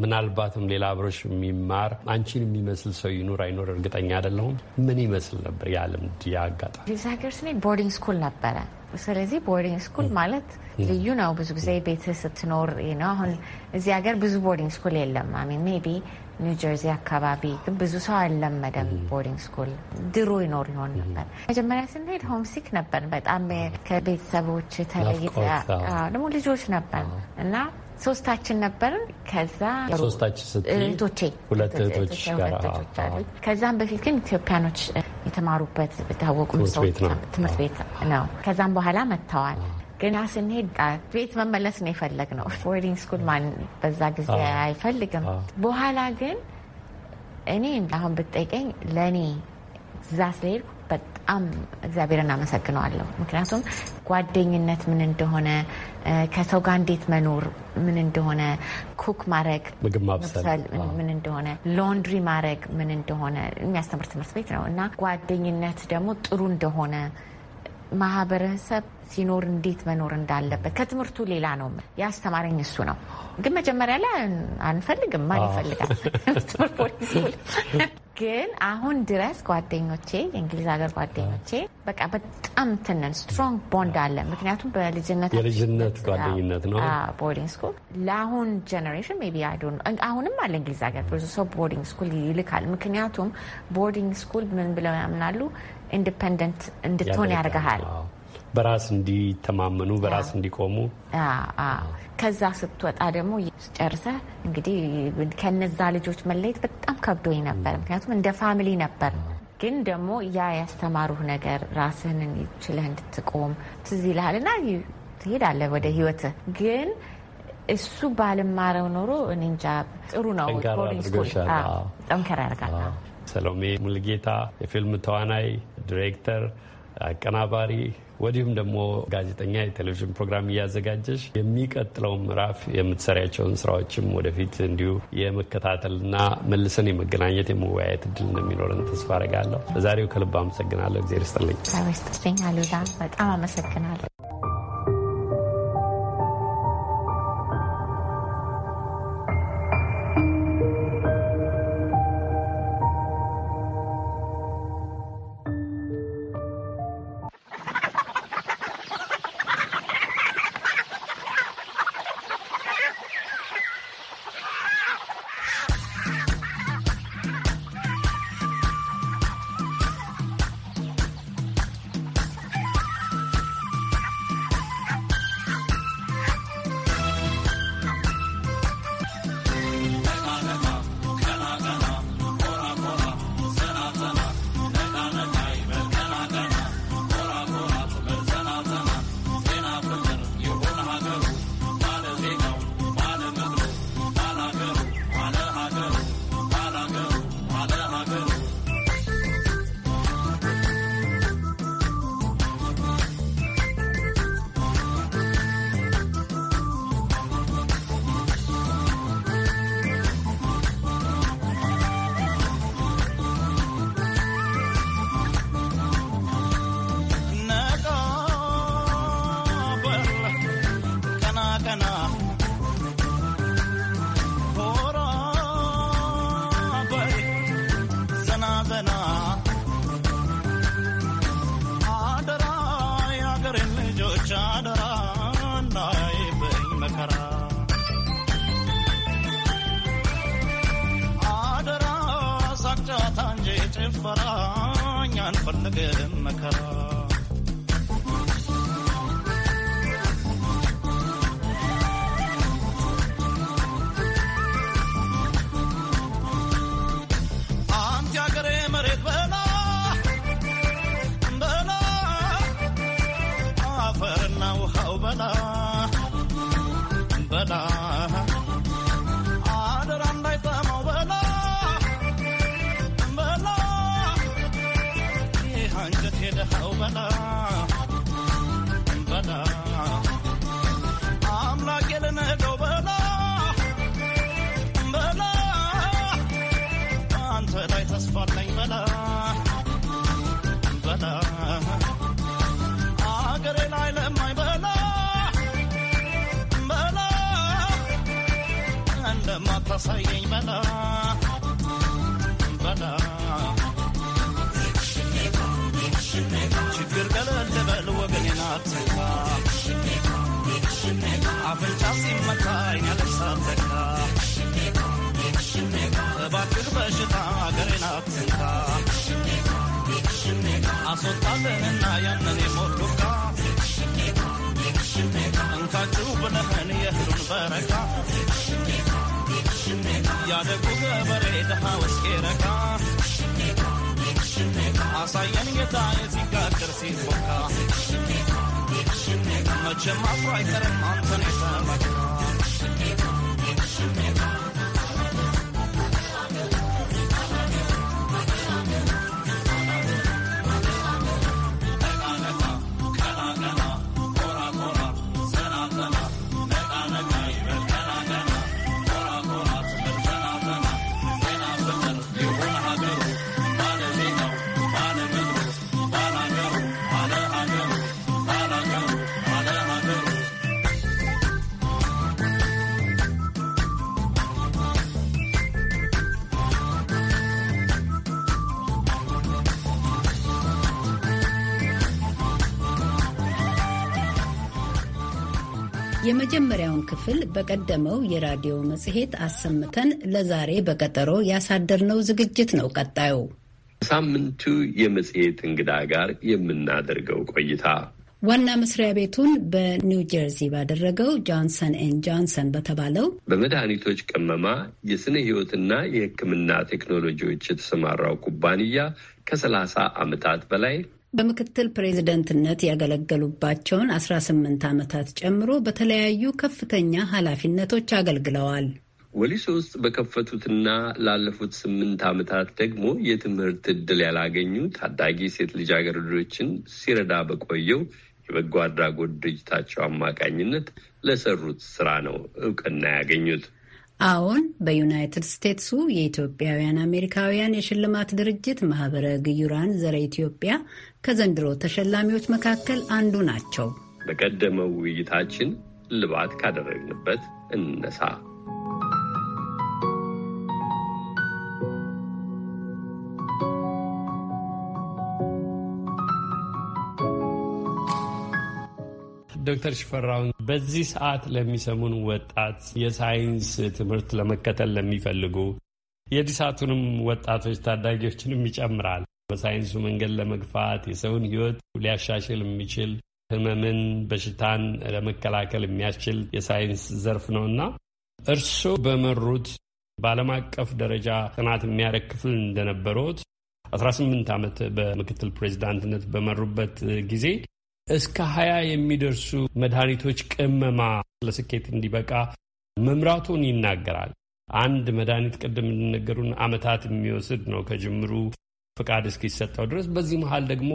ምናልባትም ሌላ አብሮሽ የሚማር አንቺን የሚመስል ሰው ይኑር አይኖር እርግጠኛ አይደለሁም። ምን ይመስል ነበር ያ ልምድ ያ አጋጣሚ? ሀገር ስኔ ቦርዲንግ ስኩል ነበረ ስለዚህ ቦርዲንግ ስኩል ማለት ልዩ ነው። ብዙ ጊዜ ቤት ስትኖር ነው። አሁን እዚህ ሀገር ብዙ ቦርዲንግ ስኩል የለም። አሚን ሜይ ቢ ኒው ጀርዚ አካባቢ ግን ብዙ ሰው አልለመደም ቦርዲንግ ስኩል። ድሮ ይኖር ይሆን ነበር። መጀመሪያ ስንሄድ ሆምሲክ ነበር በጣም ከቤተሰቦች ተለይተ ደግሞ ልጆች ነበር እና ሶስታችን ነበርን። ከዛ እህቶቼ ሁለት እህቶች ጋር ከዛም በፊት ግን ኢትዮጵያኖች የተማሩበት የታወቁ ሰዎች ትምህርት ቤት ነው። ከዛም በኋላ መጥተዋል። ግና ስንሄድ ቤት መመለስ ነው የፈለግ ነው። ቦርዲንግ ስኩል ማን በዛ ጊዜ አይፈልግም። በኋላ ግን እኔ አሁን ብትጠይቀኝ ለእኔ እዛ ስለሄድኩ በጣም እግዚአብሔርን አመሰግነዋለሁ። ምክንያቱም ጓደኝነት ምን እንደሆነ ከሰው ጋር እንዴት መኖር ምን እንደሆነ፣ ኩክ ማድረግ ምግብ ማብሰል ምን እንደሆነ፣ ሎንድሪ ማድረግ ምን እንደሆነ የሚያስተምር ትምህርት ቤት ነው እና ጓደኝነት ደግሞ ጥሩ እንደሆነ ማህበረሰብ ሲኖር እንዴት መኖር እንዳለበት ከትምህርቱ ሌላ ነው ያስተማረኝ እሱ ነው። ግን መጀመሪያ ላይ አንፈልግም ማን ይፈልጋል? ግን አሁን ድረስ ጓደኞቼ የእንግሊዝ ሀገር ጓደኞቼ በቃ በጣም ትንን ስትሮንግ ቦንድ አለ። ምክንያቱም በልጅነት የልጅነት ጓደኝነት ነው። ቦርዲንግ ስኩል ለአሁን ጀኔሬሽን ሜይ ቢ አሁንም አለ እንግሊዝ ሀገር ብዙ ሰው ቦርዲንግ ስኩል ይልካል። ምክንያቱም ቦርዲንግ ስኩል ምን ብለው ያምናሉ ኢንዲፐንደንት እንድትሆን ያደርግሃል። በራስ እንዲተማመኑ በራስ እንዲቆሙ። ከዛ ስትወጣ ደግሞ ጨርሰ እንግዲህ ከነዛ ልጆች መለየት በጣም ከብዶኝ ነበር፣ ምክንያቱም እንደ ፋሚሊ ነበር። ግን ደግሞ ያ ያስተማሩህ ነገር ራስህን ችለህ እንድትቆም ትዝ ይልሃልና ትሄዳለህ ወደ ህይወትህ ግን እሱ ባልማረው ኖሮ እንጃ ጥሩ ነው። ጠንከር ያደርጋል። ሰሎሜ ሙልጌታ የፊልም ተዋናይ ዲሬክተር፣ አቀናባሪ ወዲሁም ደግሞ ጋዜጠኛ፣ የቴሌቪዥን ፕሮግራም እያዘጋጀሽ የሚቀጥለው ምዕራፍ የምትሰሪያቸውን ስራዎችም ወደፊት እንዲሁ የመከታተልና መልሰን የመገናኘት የመወያየት እድል እንደሚኖረን ተስፋ አረጋለሁ። በዛሬው ከልብ አመሰግናለሁ። እግዜር ይስጥልኝ። በጣም አመሰግናለሁ። بركة يا دقوقة بريدها وسكيركا عصاين قطايتي كاكر سيد بكا مجمع فرايكر ما انطني የመጀመሪያውን ክፍል በቀደመው የራዲዮ መጽሔት አሰምተን ለዛሬ በቀጠሮ ያሳደርነው ዝግጅት ነው ቀጣዩ ሳምንቱ የመጽሔት እንግዳ ጋር የምናደርገው ቆይታ ዋና መስሪያ ቤቱን በኒው ጀርዚ ባደረገው ጆንሰን ኤን ጆንሰን በተባለው በመድኃኒቶች ቅመማ የስነ ሕይወትና የሕክምና ቴክኖሎጂዎች የተሰማራው ኩባንያ ከሰላሳ ዓመታት በላይ በምክትል ፕሬዝደንትነት ያገለገሉባቸውን 18 ዓመታት ጨምሮ በተለያዩ ከፍተኛ ኃላፊነቶች አገልግለዋል። ወሊሶ ውስጥ በከፈቱትና ላለፉት ስምንት ዓመታት ደግሞ የትምህርት ዕድል ያላገኙ ታዳጊ ሴት ልጃገረዶችን ሲረዳ በቆየው የበጎ አድራጎት ድርጅታቸው አማካኝነት ለሰሩት ስራ ነው እውቅና ያገኙት። አዎን፣ በዩናይትድ ስቴትሱ የኢትዮጵያውያን አሜሪካውያን የሽልማት ድርጅት ማህበረ ግዩራን ዘረ ኢትዮጵያ ከዘንድሮ ተሸላሚዎች መካከል አንዱ ናቸው። በቀደመው ውይይታችን ልባት ካደረግንበት እንነሳ። ዶክተር ሽፈራውን በዚህ ሰዓት ለሚሰሙን ወጣት የሳይንስ ትምህርት ለመከተል ለሚፈልጉ የዲሳቱንም ወጣቶች ታዳጊዎችንም ይጨምራል በሳይንሱ መንገድ ለመግፋት የሰውን ሕይወት ሊያሻሽል የሚችል ህመምን፣ በሽታን ለመከላከል የሚያስችል የሳይንስ ዘርፍ ነውና እርስዎ በመሩት በዓለም አቀፍ ደረጃ ጥናት የሚያደርግ ክፍል እንደነበሩት 18 ዓመት በምክትል ፕሬዚዳንትነት በመሩበት ጊዜ እስከ ሀያ የሚደርሱ መድኃኒቶች ቅመማ ለስኬት እንዲበቃ መምራቱን ይናገራል። አንድ መድኃኒት ቅድም እንደነገሩን ዓመታት የሚወስድ ነው ከጅምሩ ፍቃድ እስኪሰጠው ድረስ። በዚህ መሀል ደግሞ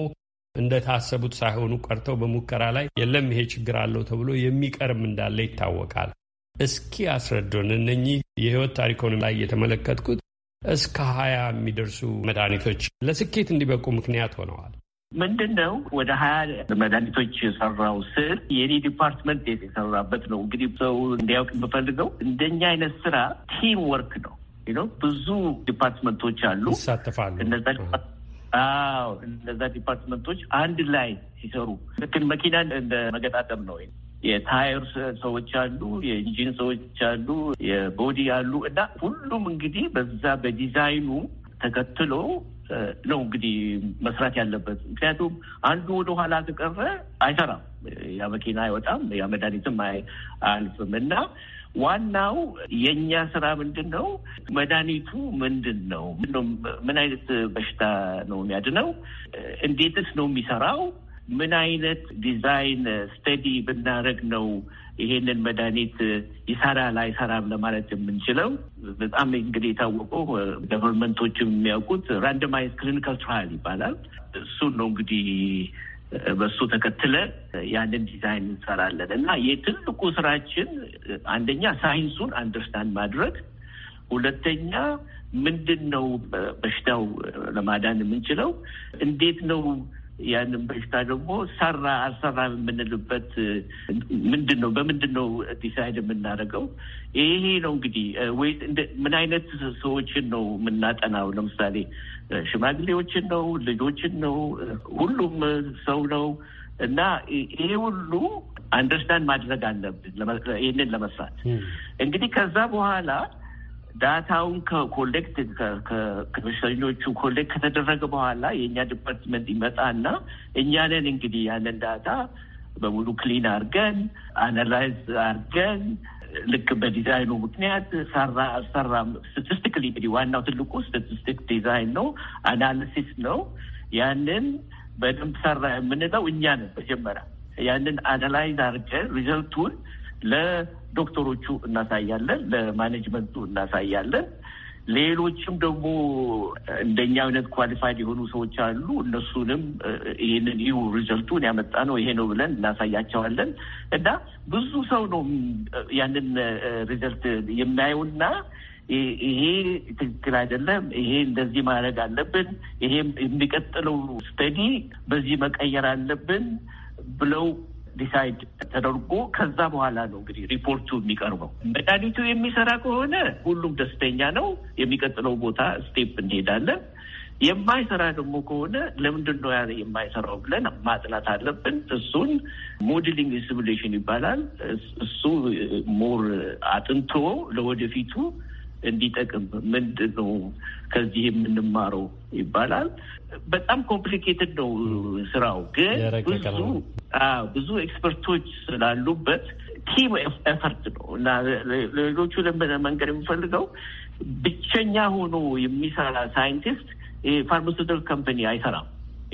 እንደታሰቡት ሳይሆኑ ቀርተው በሙከራ ላይ የለም ይሄ ችግር አለው ተብሎ የሚቀርም እንዳለ ይታወቃል። እስኪ አስረዶን እነኚህ የህይወት ታሪኮን ላይ የተመለከትኩት እስከ ሀያ የሚደርሱ መድኃኒቶች ለስኬት እንዲበቁ ምክንያት ሆነዋል። ምንድን ነው ወደ ሀያ መድኃኒቶች የሰራው ስዕል የኔ ዲፓርትመንት የተሰራበት ነው። እንግዲህ ሰው እንዲያውቅ የምፈልገው እንደኛ አይነት ስራ ቲም ወርክ ነው ነው። ብዙ ዲፓርትመንቶች አሉ ይሳተፋሉ። አዎ እነዛ ዲፓርትመንቶች አንድ ላይ ሲሰሩ ልክን መኪና እንደ መገጣጠም ነው። የታየር ሰዎች አሉ፣ የኢንጂን ሰዎች አሉ፣ የቦዲ አሉ እና ሁሉም እንግዲህ በዛ በዲዛይኑ ተከትሎ ነው እንግዲህ መስራት ያለበት። ምክንያቱም አንዱ ወደኋላ ከቀረ አይሰራም፣ ያ መኪና አይወጣም፣ ያ መድኃኒትም አያልፍም እና ዋናው የእኛ ስራ ምንድን ነው? መድኃኒቱ ምንድን ነው? ምን አይነት በሽታ ነው የሚያድነው? እንዴትስ ነው የሚሰራው? ምን አይነት ዲዛይን ስተዲ ብናደረግ ነው ይሄንን መድኃኒት ይሰራል አይሰራም ለማለት የምንችለው? በጣም እንግዲህ የታወቀው ገቨርንመንቶችም የሚያውቁት ራንደማይዝ ክሊኒካል ትራያል ይባላል። እሱን ነው እንግዲህ በሱ ተከትለ ያንን ዲዛይን እንሰራለን እና የትልቁ ስራችን አንደኛ ሳይንሱን አንደርስታንድ ማድረግ፣ ሁለተኛ ምንድን ነው በሽታው ለማዳን የምንችለው እንዴት ነው ያንን በሽታ ደግሞ ሰራ አልሰራ የምንልበት ምንድን ነው? በምንድን ነው ዲሳይድ የምናደርገው? ይሄ ነው እንግዲህ ወይ ምን አይነት ሰዎችን ነው የምናጠናው? ለምሳሌ ሽማግሌዎችን ነው? ልጆችን ነው? ሁሉም ሰው ነው? እና ይሄ ሁሉ አንደርስታንድ ማድረግ አለብን ይህንን ለመስራት እንግዲህ ከዛ በኋላ ዳታውን ከኮሌክት ከበሽተኞቹ ኮሌክት ከተደረገ በኋላ የእኛ ዲፓርትመንት ይመጣና እኛ ነን እንግዲህ ያንን ዳታ በሙሉ ክሊን አርገን አናላይዝ አርገን ልክ በዲዛይኑ ምክንያት ሰራ ሰራ ስታቲስቲክሊ እንግዲህ ዋናው ትልቁ ስታቲስቲክ ዲዛይን ነው፣ አናሊሲስ ነው። ያንን በደንብ ሰራ የምንለው እኛ ነን መጀመሪያ ያንን አናላይዝ አድርገን ሪዘልቱን ለ ዶክተሮቹ እናሳያለን፣ ለማኔጅመንቱ እናሳያለን። ሌሎችም ደግሞ እንደኛ አይነት ኳሊፋይድ የሆኑ ሰዎች አሉ። እነሱንም ይህንን ይሁ ሪዘልቱን ያመጣ ነው ይሄ ነው ብለን እናሳያቸዋለን እና ብዙ ሰው ነው ያንን ሪዘልት የሚያየውና ይሄ ትክክል አይደለም፣ ይሄ እንደዚህ ማድረግ አለብን፣ ይሄ የሚቀጥለው ስተዲ በዚህ መቀየር አለብን ብለው ዲሳይድ ተደርጎ ከዛ በኋላ ነው እንግዲህ ሪፖርቱ የሚቀርበው። መድኃኒቱ የሚሰራ ከሆነ ሁሉም ደስተኛ ነው። የሚቀጥለው ቦታ ስቴፕ እንሄዳለን። የማይሰራ ደግሞ ከሆነ ለምንድን ነው ያ የማይሰራው ብለን ማጥናት አለብን። እሱን ሞዴሊንግ ሲሙሌሽን ይባላል። እሱ ሞር አጥንቶ ለወደፊቱ እንዲጠቅም ምንድን ነው ከዚህ የምንማረው ይባላል። በጣም ኮምፕሊኬትድ ነው ስራው፣ ግን ብዙ ብዙ ኤክስፐርቶች ስላሉበት ቲም ኤፈርት ነው እና ሌሎቹ መንገድ የሚፈልገው ብቸኛ ሆኖ የሚሰራ ሳይንቲስት ፋርማሱቲካል ካምፓኒ አይሰራም።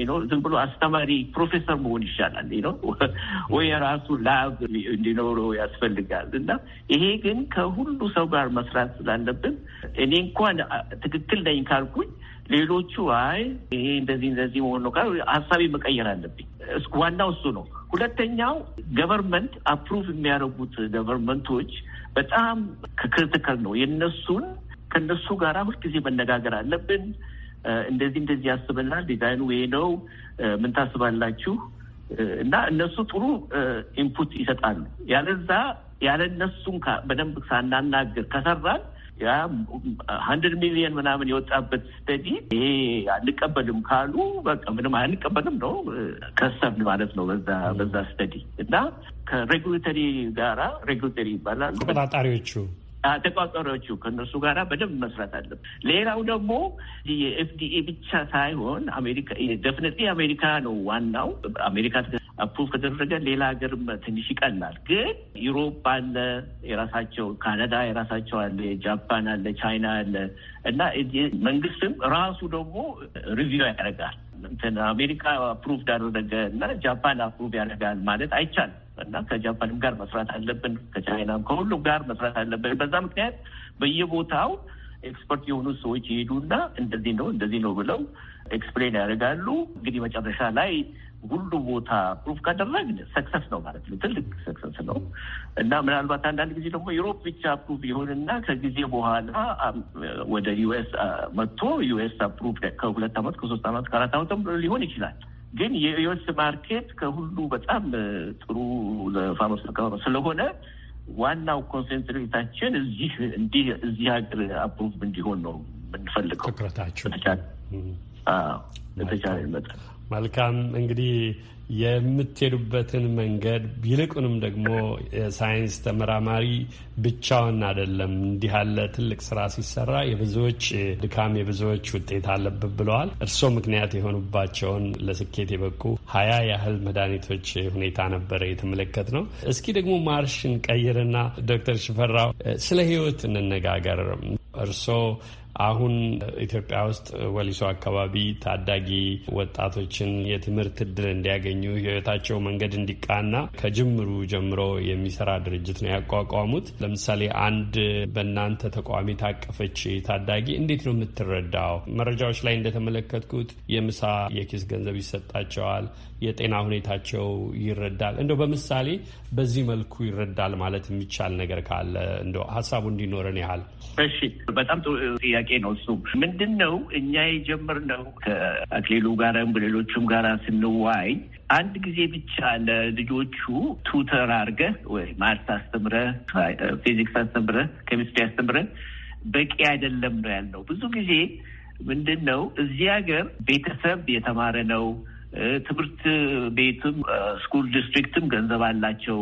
ነው ዝም ብሎ አስተማሪ ፕሮፌሰር መሆን ይሻላል ነው ወይ የራሱ ላብ እንዲኖረው ያስፈልጋል። እና ይሄ ግን ከሁሉ ሰው ጋር መስራት ስላለብን እኔ እንኳን ትክክል ነኝ ካልኩኝ ሌሎቹ አይ ይሄ እንደዚህ እንደዚህ መሆን ነው ሀሳቤ መቀየር አለብኝ። ዋናው እሱ ነው። ሁለተኛው ገቨርንመንት አፕሩቭ የሚያደርጉት ገቨርንመንቶች በጣም ክርትክር ነው የነሱን ከነሱ ጋር ሁልጊዜ መነጋገር አለብን። እንደዚህ እንደዚህ ያስበናል፣ ዲዛይኑ ይሄ ነው፣ ምን ታስባላችሁ? እና እነሱ ጥሩ ኢንፑት ይሰጣሉ። ያለዛ ያለ እነሱን በደንብ ሳናናግር ከሰራን ያ ሀንድርድ ሚሊዮን ምናምን የወጣበት ስተዲ ይሄ አንቀበልም ካሉ በቃ ምንም አንቀበልም ነው ከሰብን ማለት ነው። በዛ በዛ ስተዲ እና ከሬጉሌተሪ ጋራ ሬጉሌተሪ ይባላል ተቆጣጣሪዎቹ ተቋጠሪዎቹ ከነሱ ጋር በደንብ መስራት አለብን። ሌላው ደግሞ የኤፍዲኤ ብቻ ሳይሆን አሜሪካ ደፍነት አሜሪካ ነው ዋናው አሜሪካ አፕሩቭ ከተደረገ ሌላ ሀገር ትንሽ ይቀላል። ግን ዩሮፕ አለ የራሳቸው ካናዳ የራሳቸው አለ ጃፓን አለ ቻይና አለ እና መንግስትም ራሱ ደግሞ ሪቪው ያደርጋል። አሜሪካ አፕሩቭ ያደረገ እና ጃፓን አፕሩቭ ያደርጋል ማለት አይቻልም። እና ከጃፓንም ጋር መስራት አለብን፣ ከቻይናም ከሁሉም ጋር መስራት አለብን። በዛ ምክንያት በየቦታው ኤክስፐርት የሆኑ ሰዎች ይሄዱና እንደዚህ ነው እንደዚህ ነው ብለው ኤክስፕሌን ያደርጋሉ። እንግዲህ መጨረሻ ላይ ሁሉ ቦታ ፕሩፍ ካደረግን ሰክሰስ ነው ማለት ነው። ትልቅ ሰክሰስ ነው እና ምናልባት አንዳንድ ጊዜ ደግሞ ዩሮፕ ብቻ ፕሩፍ ይሆንና ከጊዜ በኋላ ወደ ዩኤስ መጥቶ ዩኤስ ፕሩፍ ከሁለት ዓመት ከሶስት ዓመት ከአራት ዓመት ሊሆን ይችላል ግን የዩኤስ ማርኬት ከሁሉ በጣም ጥሩ ለፋርማስ አቀባበል ስለሆነ ዋናው ኮንሰንትሬታችን እዚህ እንዲህ እዚህ ሀገር አፕሩቭ እንዲሆን ነው የምንፈልገው። ትኩረታችሁ ተቻለ መጠን መልካም እንግዲህ የምትሄዱበትን መንገድ ይልቁንም ደግሞ የሳይንስ ተመራማሪ ብቻውን አይደለም። እንዲህ ያለ ትልቅ ስራ ሲሰራ የብዙዎች ድካም የብዙዎች ውጤት አለበት ብለዋል። እርስዎ ምክንያት የሆኑባቸውን ለስኬት የበቁ ሀያ ያህል መድኃኒቶች ሁኔታ ነበረ የተመለከት ነው። እስኪ ደግሞ ማርሽን ቀይርና ዶክተር ሽፈራው ስለ ህይወት እንነጋገር እርስዎ አሁን ኢትዮጵያ ውስጥ ወሊሶ አካባቢ ታዳጊ ወጣቶችን የትምህርት እድል እንዲያገኙ ህይወታቸው መንገድ እንዲቃና ከጅምሩ ጀምሮ የሚሰራ ድርጅት ነው ያቋቋሙት። ለምሳሌ አንድ በእናንተ ተቋሚ ታቀፈች ታዳጊ እንዴት ነው የምትረዳው? መረጃዎች ላይ እንደተመለከትኩት የምሳ የኪስ ገንዘብ ይሰጣቸዋል። የጤና ሁኔታቸው ይረዳል። እንደው በምሳሌ በዚህ መልኩ ይረዳል ማለት የሚቻል ነገር ካለ እንደው ሀሳቡ እንዲኖረን ያህል። እሺ፣ በጣም ጥሩ ጥያቄ ነው። እሱ ምንድን ነው እኛ የጀመርነው ከአክሊሉ ጋርም በሌሎቹም ጋር ስንዋይ አንድ ጊዜ ብቻ ለልጆቹ ቱተር አድርገህ ወይ ማርስ አስተምረህ፣ ፊዚክስ አስተምረህ፣ ኬሚስትሪ አስተምረህ በቂ አይደለም ነው ያልነው። ብዙ ጊዜ ምንድን ነው እዚህ ሀገር ቤተሰብ የተማረ ነው ትምህርት ቤትም ስኩል ዲስትሪክትም ገንዘብ አላቸው።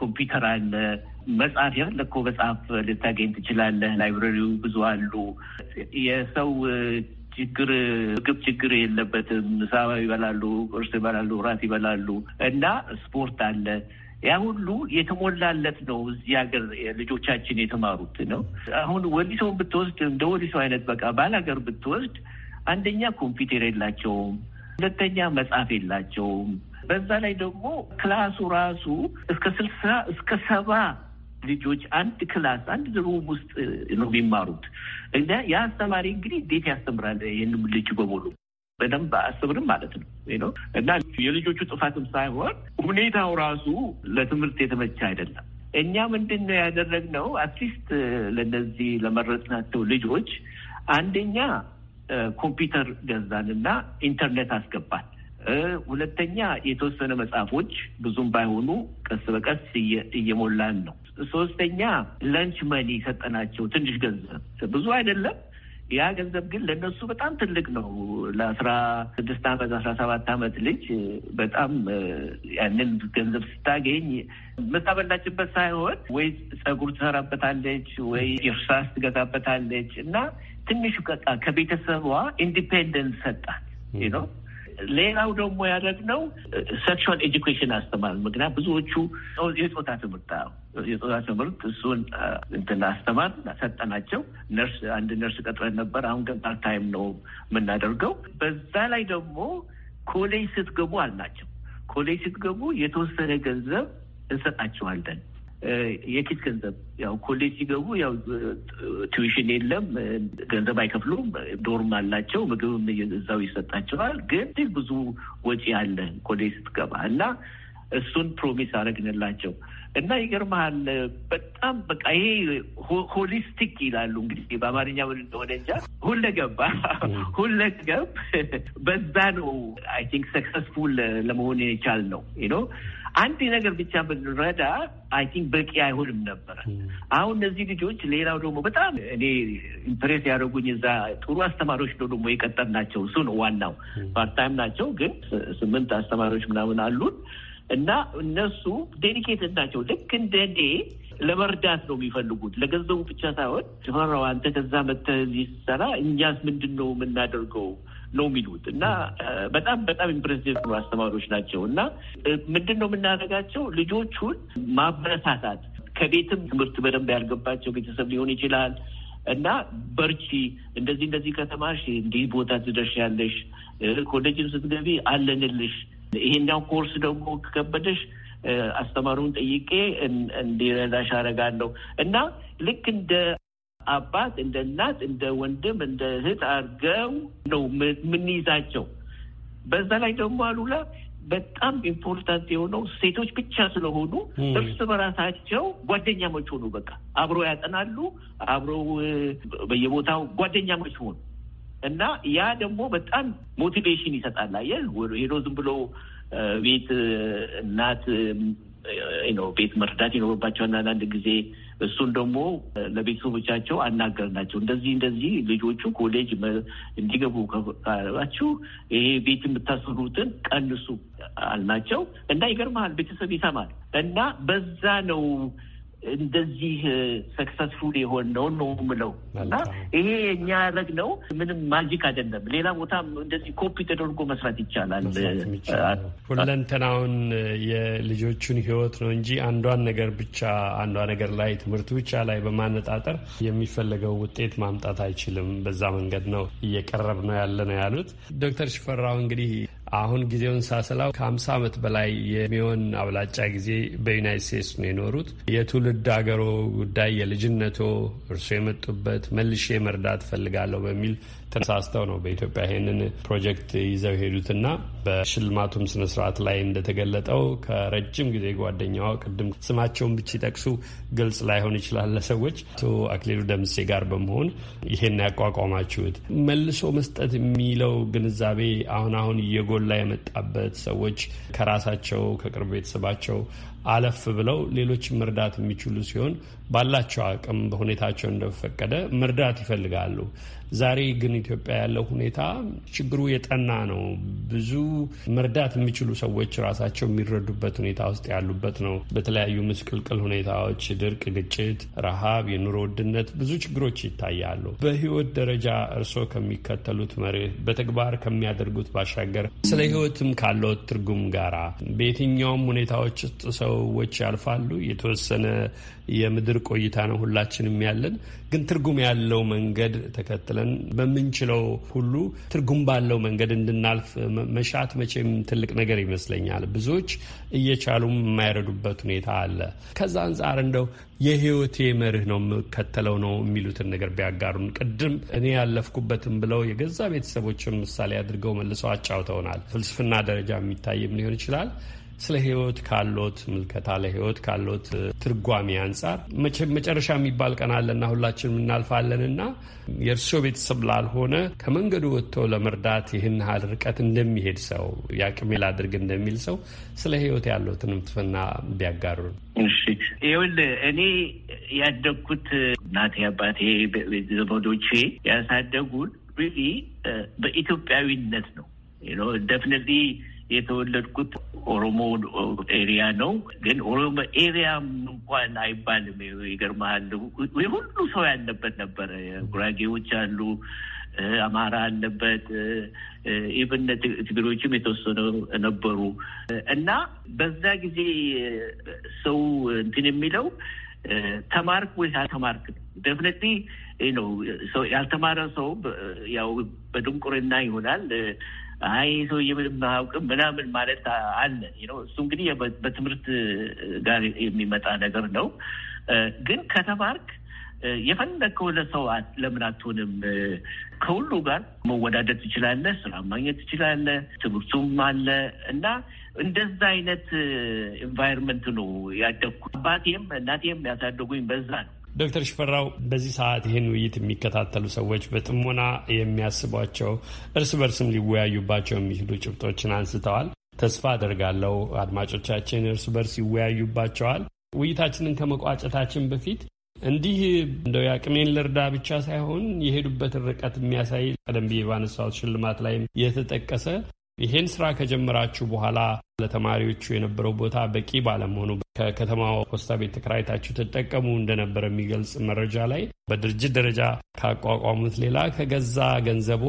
ኮምፒውተር አለ። መጽሐፍ የፈለግኮ መጽሐፍ ልታገኝ ትችላለህ። ላይብረሪው ብዙ አሉ። የሰው ችግር ምግብ ችግር የለበትም። ምሳ ይበላሉ፣ ቁርስ ይበላሉ፣ ራት ይበላሉ እና ስፖርት አለ። ያ ሁሉ የተሞላለት ነው። እዚህ ሀገር ልጆቻችን የተማሩት ነው። አሁን ወሊሶን ብትወስድ እንደ ወሊሶ አይነት በቃ ባል ሀገር ብትወስድ አንደኛ ኮምፒውተር የላቸውም ሁለተኛ መጽሐፍ የላቸውም። በዛ ላይ ደግሞ ክላሱ ራሱ እስከ ስልሳ እስከ ሰባ ልጆች አንድ ክላስ አንድ ሩም ውስጥ ነው የሚማሩት እና የአስተማሪ እንግዲህ እንዴት ያስተምራል ይህንም ልጅ በሙሉ በደንብ አስብርም ማለት ነው። እና የልጆቹ ጥፋትም ሳይሆን ሁኔታው ራሱ ለትምህርት የተመቸ አይደለም። እኛ ምንድን ነው ያደረግነው? አትሊስት ለነዚህ ለመረጥናቸው ልጆች አንደኛ ኮምፒውተር ገዛንና ኢንተርኔት አስገባን። ሁለተኛ የተወሰነ መጽሐፎች ብዙም ባይሆኑ ቀስ በቀስ እየሞላን ነው። ሶስተኛ ለንች መኒ ሰጠናቸው። ትንሽ ገንዘብ ብዙ አይደለም። ያ ገንዘብ ግን ለእነሱ በጣም ትልቅ ነው። ለአስራ ስድስት ዓመት አስራ ሰባት ዓመት ልጅ በጣም ያንን ገንዘብ ስታገኝ የምታበላችበት ሳይሆን ወይ ጸጉር ትሰራበታለች፣ ወይ እርሳስ ትገዛበታለች እና ትንሹ በቃ ከቤተሰቧ ኢንዲፔንደንስ ሰጣት ነው። ሌላው ደግሞ ያደረግነው ሴክሹዋል uh, ኤጁኬሽን አስተማር። ምክንያት ብዙዎቹ የጾታ ትምህርት የጾታ ትምህርት እሱን uh, እንትን አስተማር ሰጠናቸው። ነርስ አንድ ነርስ ቀጥረን ነበር። አሁን ግን ፓርታይም ነው የምናደርገው። በዛ ላይ ደግሞ ኮሌጅ ስትገቡ አልናቸው፣ ኮሌጅ ስትገቡ የተወሰነ ገንዘብ እንሰጣችኋለን የኪስ ገንዘብ ያው ኮሌጅ ሲገቡ ያው ቲዩሽን የለም፣ ገንዘብ አይከፍሉም። ዶርም አላቸው፣ ምግብም እዛው ይሰጣቸዋል። ግን ብዙ ወጪ አለ ኮሌጅ ስትገባ እና እሱን ፕሮሚስ አደረግንላቸው እና ይገርመሃል፣ በጣም በቃ ይሄ ሆሊስቲክ ይላሉ እንግዲህ በአማርኛ ምን እንደሆነ እንጃ። ሁለገብ ሁለገብ በዛ ነው አይ ቲንክ ሰክሰስፉል ለመሆን የቻል ነው ነው አንድ ነገር ብቻ ብንረዳ አይ ቲንክ በቂ አይሆንም ነበረ። አሁን እነዚህ ልጆች ሌላው ደግሞ በጣም እኔ ኢምፕሬስ ያደረጉኝ እዛ ጥሩ አስተማሪዎች ነው ደግሞ የቀጠር ናቸው። እሱ ነው ዋናው። ፓርታይም ናቸው ግን ስምንት አስተማሪዎች ምናምን አሉን እና እነሱ ዴዲኬትድ ናቸው ልክ እንደ እኔ ለመርዳት ነው የሚፈልጉት ለገንዘቡ ብቻ ሳይሆን ሽፈራው አንተ ከዛ መተህ ሊሰራ እኛስ ምንድን ነው የምናደርገው ነው የሚሉት እና በጣም በጣም ኢምፕሬሲቭ አስተማሪዎች ናቸው እና ምንድን ነው የምናደርጋቸው ልጆቹን ማበረታታት ከቤትም ትምህርት በደንብ ያልገባቸው ቤተሰብ ሊሆን ይችላል እና በርቺ፣ እንደዚህ እንደዚህ ከተማሽ እንዲህ ቦታ ትደርሻለሽ፣ ኮሌጅም ስትገቢ አለንልሽ፣ ይሄኛው ኮርስ ደግሞ ከከበደሽ አስተማሪውን ጠይቄ እንዲረዳሽ አደርጋለሁ እና ልክ እንደ አባት፣ እንደ እናት፣ እንደ ወንድም፣ እንደ እህት አድርገው ነው የምንይዛቸው። በዛ ላይ ደግሞ አሉላ በጣም ኢምፖርታንት የሆነው ሴቶች ብቻ ስለሆኑ እርስ በራሳቸው ጓደኛሞች ሆኑ። በቃ አብረው ያጠናሉ፣ አብረው በየቦታው ጓደኛሞች ሆኑ እና ያ ደግሞ በጣም ሞቲቬሽን ይሰጣል። አየህ ሄዶ ዝም ብሎ ቤት እናት ነው ቤት መርዳት ይኖርባቸዋል አንዳንድ ጊዜ እሱን ደግሞ ለቤተሰቦቻቸው አናገርናቸው። እንደዚህ እንደዚህ ልጆቹ ኮሌጅ እንዲገቡ ካላችሁ ይሄ ቤት የምታስሩትን ቀንሱ አልናቸው እና ይገርመሃል ቤተሰብ ይሰማል እና በዛ ነው እንደዚህ ሰክሰስፉል የሆን ነው የምለው እና ይሄ እኛ ነው ምንም ማጂክ አይደለም። ሌላ ቦታ እንደዚህ ኮፒ ተደርጎ መስራት ይቻላል። ሁለንተናውን የልጆቹን ህይወት ነው እንጂ አንዷን ነገር ብቻ አንዷ ነገር ላይ ትምህርት ብቻ ላይ በማነጣጠር የሚፈለገው ውጤት ማምጣት አይችልም። በዛ መንገድ ነው እየቀረብ ነው ያለ ነው ያሉት ዶክተር ሽፈራው እንግዲህ አሁን ጊዜውን ሳስላው ከሀምሳ ዓመት በላይ የሚሆን አብላጫ ጊዜ በዩናይት ስቴትስ ነው የኖሩት የቱል የትውልድ ሀገሮ ጉዳይ የልጅነቶ እርሶ የመጡበት መልሼ መርዳት ፈልጋለሁ በሚል ተነሳስተው ነው በኢትዮጵያ ይህንን ፕሮጀክት ይዘው ሄዱትና በሽልማቱም ስነስርዓት ላይ እንደተገለጠው ከረጅም ጊዜ ጓደኛዋ ቅድም ስማቸውን ብቻ ይጠቅሱ ግልጽ ላይሆን ይችላል ለሰዎች አቶ አክሊሉ ደምሴ ጋር በመሆን ይሄን ያቋቋማችሁት መልሶ መስጠት የሚለው ግንዛቤ አሁን አሁን እየጎላ የመጣበት ሰዎች ከራሳቸው ከቅርብ ቤተሰባቸው አለፍ ብለው ሌሎች መርዳት የሚችሉ ሲሆን ባላቸው አቅም በሁኔታቸው እንደፈቀደ መርዳት ይፈልጋሉ። ዛሬ ግን ኢትዮጵያ ያለው ሁኔታ ችግሩ የጠና ነው። ብዙ መርዳት የሚችሉ ሰዎች ራሳቸው የሚረዱበት ሁኔታ ውስጥ ያሉበት ነው። በተለያዩ ምስቅልቅል ሁኔታዎች ድርቅ፣ ግጭት፣ ረሃብ፣ የኑሮ ውድነት ብዙ ችግሮች ይታያሉ። በህይወት ደረጃ እርስዎ ከሚከተሉት መርህ በተግባር ከሚያደርጉት ባሻገር ስለ ህይወትም ካለው ትርጉም ጋራ በየትኛውም ሁኔታዎች ውስጥ ሰዎች ያልፋሉ የተወሰነ የምድር ቆይታ ነው ሁላችንም ያለን። ግን ትርጉም ያለው መንገድ ተከትለን በምንችለው ሁሉ ትርጉም ባለው መንገድ እንድናልፍ መሻት መቼም ትልቅ ነገር ይመስለኛል። ብዙዎች እየቻሉም የማይረዱበት ሁኔታ አለ። ከዛ አንጻር እንደው የህይወቴ መርህ ነው የምከተለው ነው የሚሉትን ነገር ቢያጋሩን። ቅድም እኔ ያለፍኩበትም ብለው የገዛ ቤተሰቦችን ምሳሌ አድርገው መልሰው አጫውተውናል። ፍልስፍና ደረጃ የሚታይም ሊሆን ይችላል። ስለ ህይወት ካሎት ምልከታ፣ ለህይወት ካሎት ትርጓሜ አንጻር መጨረሻ የሚባል ቀን አለና ሁላችንም እናልፋለንና የእርስዎ ቤተሰብ ላልሆነ ከመንገዱ ወጥቶ ለመርዳት ይህን ያህል ርቀት እንደሚሄድ ሰው ያቅሜ ላድርግ እንደሚል ሰው ስለ ህይወት ያለትን ምትፍና ቢያጋሩ። እሺ ይኸውልህ እኔ ያደግኩት እናቴ አባቴ ዘመዶቼ ያሳደጉን ሪሊ በኢትዮጵያዊነት ነው ደፍነትሊ የተወለድኩት ኦሮሞ ኤሪያ ነው። ግን ኦሮሞ ኤሪያም እንኳን አይባልም። ይገርመሃል። የሁሉ ሰው ያለበት ነበረ። ጉራጌዎች አሉ፣ አማራ አለበት፣ ኢቨን ትግሮችም የተወሰነ ነበሩ እና በዛ ጊዜ ሰው እንትን የሚለው ተማርክ ወይ አልተማርክ ደፍነት ነው። ያልተማረ ሰው ያው በድንቁርና ይሆናል አይ ሰውዬ ምንም አያውቅም ምናምን ማለት አለ እሱ እንግዲህ በትምህርት ጋር የሚመጣ ነገር ነው። ግን ከተማርክ የፈለግከው ለሰው ለምን አትሆንም? ከሁሉ ጋር መወዳደር ትችላለህ። ስራ ማግኘት ትችላለህ። ትምህርቱም አለ እና እንደዛ አይነት ኤንቫይሮንመንት ነው ያደግኩ። አባቴም እናቴም ያሳደጉኝ በዛ ነው። ዶክተር ሽፈራው በዚህ ሰዓት ይህን ውይይት የሚከታተሉ ሰዎች በጥሞና የሚያስቧቸው እርስ በርስም ሊወያዩባቸው የሚችሉ ጭብጦችን አንስተዋል። ተስፋ አደርጋለሁ አድማጮቻችን እርስ በርስ ይወያዩባቸዋል። ውይይታችንን ከመቋጨታችን በፊት እንዲህ እንደው የአቅሜን ልርዳ ብቻ ሳይሆን የሄዱበትን ርቀት የሚያሳይ ቀደም ብዬ ባነሳሁት ሽልማት ላይም የተጠቀሰ ይሄን ስራ ከጀመራችሁ በኋላ ለተማሪዎቹ የነበረው ቦታ በቂ ባለመሆኑ ከከተማ ፖስታ ቤት ተከራይታችሁ ተጠቀሙ እንደነበረ የሚገልጽ መረጃ ላይ በድርጅት ደረጃ ካቋቋሙት ሌላ ከገዛ ገንዘቦ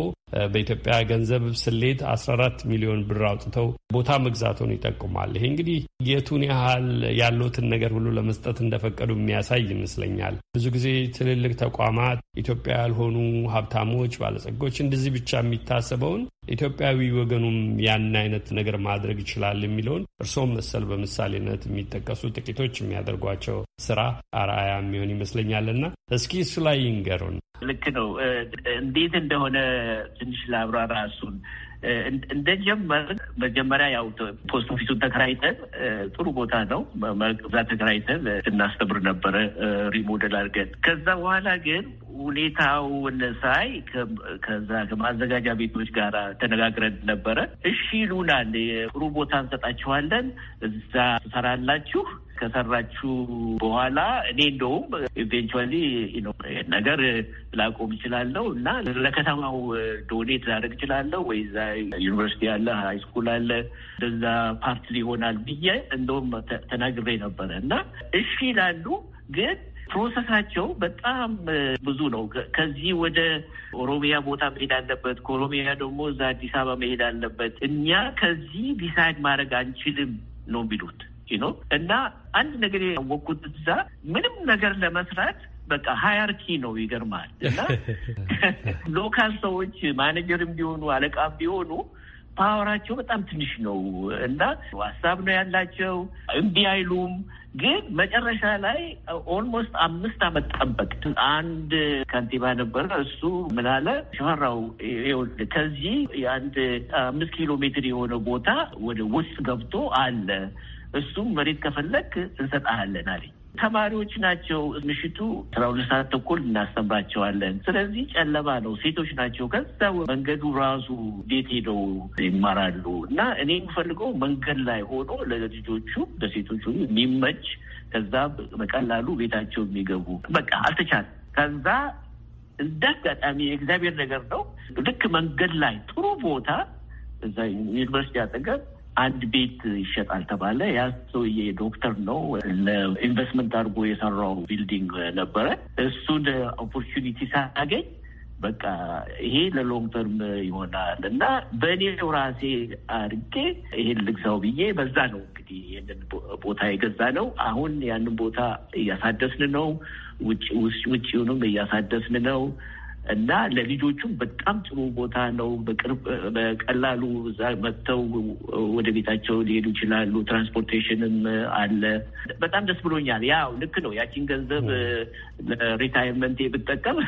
በኢትዮጵያ ገንዘብ ስሌት 14 ሚሊዮን ብር አውጥተው ቦታ መግዛቱን ይጠቁማል። ይሄ እንግዲህ የቱን ያህል ያለትን ነገር ሁሉ ለመስጠት እንደፈቀዱ የሚያሳይ ይመስለኛል። ብዙ ጊዜ ትልልቅ ተቋማት ኢትዮጵያ ያልሆኑ ሀብታሞች፣ ባለጸጎች እንደዚህ ብቻ የሚታሰበውን ኢትዮጵያዊ ወገኑም ያን አይነት ነገር ማድረግ ይችላል የሚለውን እርስዎም መሰል በምሳሌነት የሚጠቀሱ ጥቂቶች የሚያደርጓቸው ስራ አርአያ የሚሆን ይመስለኛልና እስኪ እሱ ላይ ይንገሩን። ልክ ነው። እንዴት እንደሆነ ትንሽ ላብራራ እሱን እንደጀመር መጀመሪያ ያው ፖስት ኦፊሱን ተከራይተን ጥሩ ቦታ ነው እዛ ተከራይተን እናስተምር ነበረ ሪሞደል አድርገን። ከዛ በኋላ ግን ሁኔታውን ሳይ ከዛ ከማዘጋጃ ቤቶች ጋር ተነጋግረን ነበረ። እሺ ይሉናል ጥሩ ቦታ እንሰጣችኋለን፣ እዛ ትሰራላችሁ ከሰራችሁ በኋላ እኔ እንደውም ኢቬንቹዋሊ ነገር ላቆም እችላለሁ እና ለከተማው ዶኔት ላደርግ እችላለሁ ወይ እዛ ዩኒቨርሲቲ አለ፣ ሃይስኩል አለ፣ እንደዛ ፓርት ሊሆናል ብዬ እንደውም ተናግሬ ነበረ እና እሺ ይላሉ ግን ፕሮሰሳቸው በጣም ብዙ ነው። ከዚህ ወደ ኦሮሚያ ቦታ መሄድ አለበት፣ ከኦሮሚያ ደግሞ እዛ አዲስ አበባ መሄድ አለበት። እኛ ከዚህ ዲሳይድ ማድረግ አንችልም ነው የሚሉት ነው እና አንድ ነገር ያወቅኩት እዛ ምንም ነገር ለመስራት በቃ ሀያርኪ ነው። ይገርማል። እና ሎካል ሰዎች ማኔጀርም ቢሆኑ አለቃም ቢሆኑ ፓወራቸው በጣም ትንሽ ነው እና ሀሳብ ነው ያላቸው፣ እምቢ አይሉም። ግን መጨረሻ ላይ ኦልሞስት አምስት አመት ጠበቅ። አንድ ከንቲባ ነበረ። እሱ ምናለ ሸራው ከዚህ የአንድ አምስት ኪሎ ሜትር የሆነ ቦታ ወደ ውስጥ ገብቶ አለ እሱም መሬት ከፈለክ እንሰጣሃለን አለኝ። ተማሪዎች ናቸው። ምሽቱ አስራ ሁለት ሰዓት ተኩል እናስተምራቸዋለን። ስለዚህ ጨለማ ነው፣ ሴቶች ናቸው። ከዛ መንገዱ ራሱ ቤት ሄደው ይማራሉ? እና እኔ የምፈልገው መንገድ ላይ ሆኖ ለልጆቹ ለሴቶቹ የሚመች ከዛ በቀላሉ ቤታቸው የሚገቡ በቃ አልተቻለ። ከዛ እንደ አጋጣሚ የእግዚአብሔር ነገር ነው። ልክ መንገድ ላይ ጥሩ ቦታ እዛ ዩኒቨርሲቲ አጠገብ አንድ ቤት ይሸጣል ተባለ። ያ ሰውዬ ዶክተር ነው። ለኢንቨስትመንት አድርጎ የሰራው ቢልዲንግ ነበረ። እሱን ኦፖርቹኒቲ ሳያገኝ በቃ ይሄ ለሎንግ ተርም ይሆናል እና በእኔው ራሴ አድርጌ ይሄን ልግዛው ብዬ በዛ ነው እንግዲህ ይህንን ቦታ የገዛ ነው። አሁን ያንን ቦታ እያሳደስን ነው። ውጭውንም እያሳደስን ነው። እና ለልጆቹም በጣም ጥሩ ቦታ ነው። በቀላሉ እዛ መጥተው ወደ ቤታቸው ሊሄዱ ይችላሉ። ትራንስፖርቴሽንም አለ። በጣም ደስ ብሎኛል። ያው ልክ ነው። ያቺን ገንዘብ ለሪታይርመንት ብጠቀም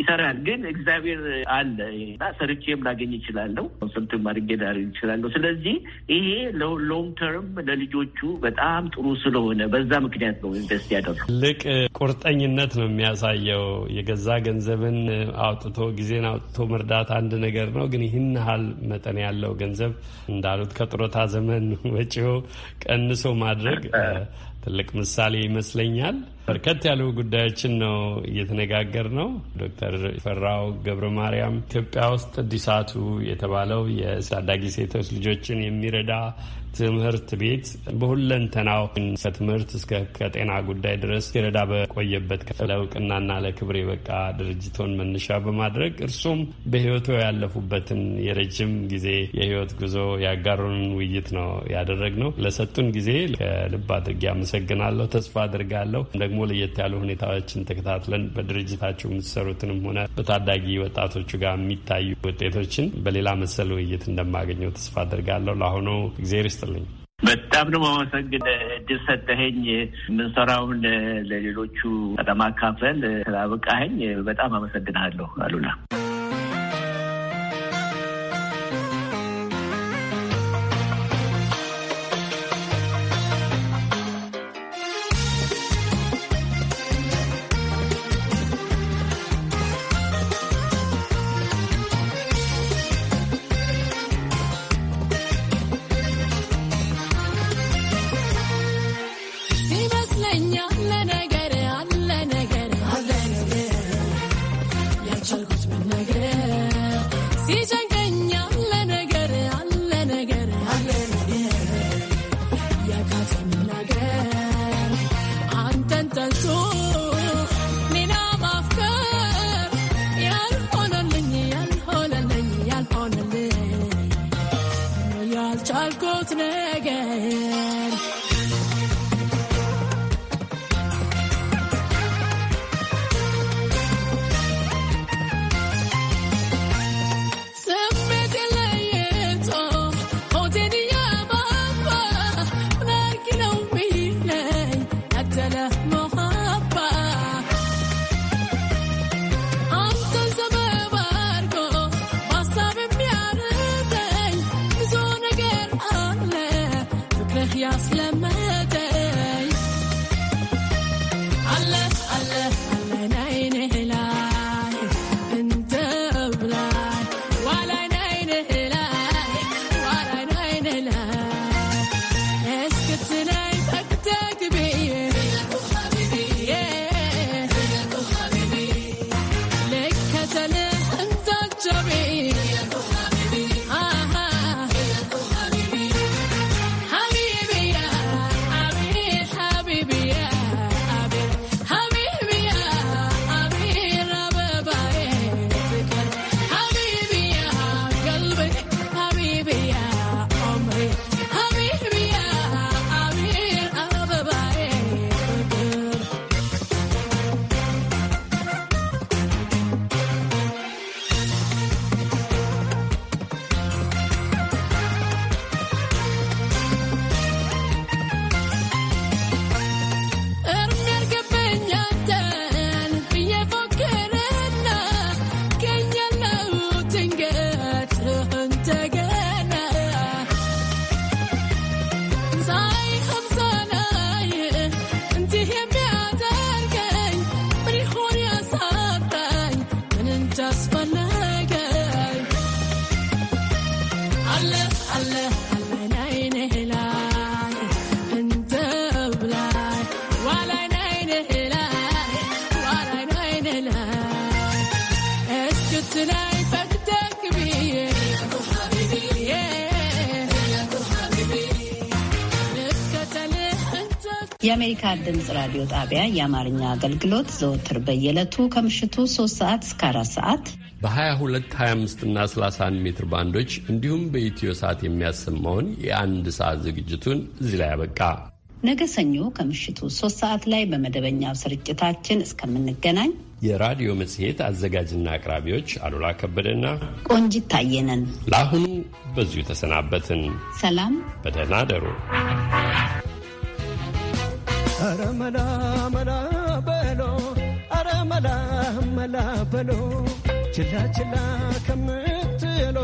ይሰራል። ግን እግዚአብሔር አለ እና ሰርቼም ላገኝ ይችላለሁ። ስንትም አድርጌ ላገኝ ይችላለሁ። ስለዚህ ይሄ ሎንግ ተርም ለልጆቹ በጣም ጥሩ ስለሆነ በዛ ምክንያት ነው ኢንቨስት ያደረኩት። ትልቅ ቁርጠኝነት ነው የሚያሳየው የገ ከዛ ገንዘብን አውጥቶ ጊዜን አውጥቶ መርዳት አንድ ነገር ነው። ግን ይህን ያህል መጠን ያለው ገንዘብ እንዳሉት ከጡረታ ዘመን ወጪው ቀንሶ ማድረግ ትልቅ ምሳሌ ይመስለኛል። በርከት ያሉ ጉዳዮችን ነው እየተነጋገር ነው። ዶክተር ፈራው ገብረ ማርያም ኢትዮጵያ ውስጥ ዲሳቱ የተባለው የታዳጊ ሴቶች ልጆችን የሚረዳ ትምህርት ቤት በሁለንተናው ከትምህርት እስከ ከጤና ጉዳይ ድረስ ሲረዳ በቆየበት ለእውቅናና ለክብር የበቃ ድርጅቶን መነሻ በማድረግ እርሱም በሕይወቱ ያለፉበትን የረጅም ጊዜ የሕይወት ጉዞ ያጋሩን ውይይት ነው ያደረግ ነው። ለሰጡን ጊዜ ከልብ አድርጌ አመሰግናለሁ። ተስፋ አድርጋለሁ ደግሞ ለየት ያሉ ሁኔታዎችን ተከታትለን በድርጅታችሁ የምትሰሩትንም ሆነ በታዳጊ ወጣቶቹ ጋር የሚታዩ ውጤቶችን በሌላ መሰል ውይይት እንደማገኘው ተስፋ አድርጋለሁ። ለአሁኑ እግዜር ይስጥልኝ። በጣም ነው ማመሰግን እድል ሰጠኸኝ። የምንሰራውን ለሌሎቹ ለማካፈል ስላበቃኸኝ በጣም አመሰግናለሁ አሉላ። የአሜሪካ ድምፅ ራዲዮ ጣቢያ የአማርኛ አገልግሎት ዘወትር በየዕለቱ ከምሽቱ ሶስት ሰዓት እስከ አራት ሰዓት በ22፣ 25 እና 31 ሜትር ባንዶች እንዲሁም በኢትዮ ሰዓት የሚያሰማውን የአንድ ሰዓት ዝግጅቱን እዚህ ላይ ያበቃ። ነገ ሰኞ ከምሽቱ ሶስት ሰዓት ላይ በመደበኛው ስርጭታችን እስከምንገናኝ የራዲዮ መጽሔት አዘጋጅና አቅራቢዎች አሉላ ከበደና ቆንጂት ታየነን ለአሁኑ በዚሁ ተሰናበትን። ሰላም፣ በደህና ደሩ። አረመላ መላ በሎ አረመላ መላ በሎ ችላ ችላ ከምትሎ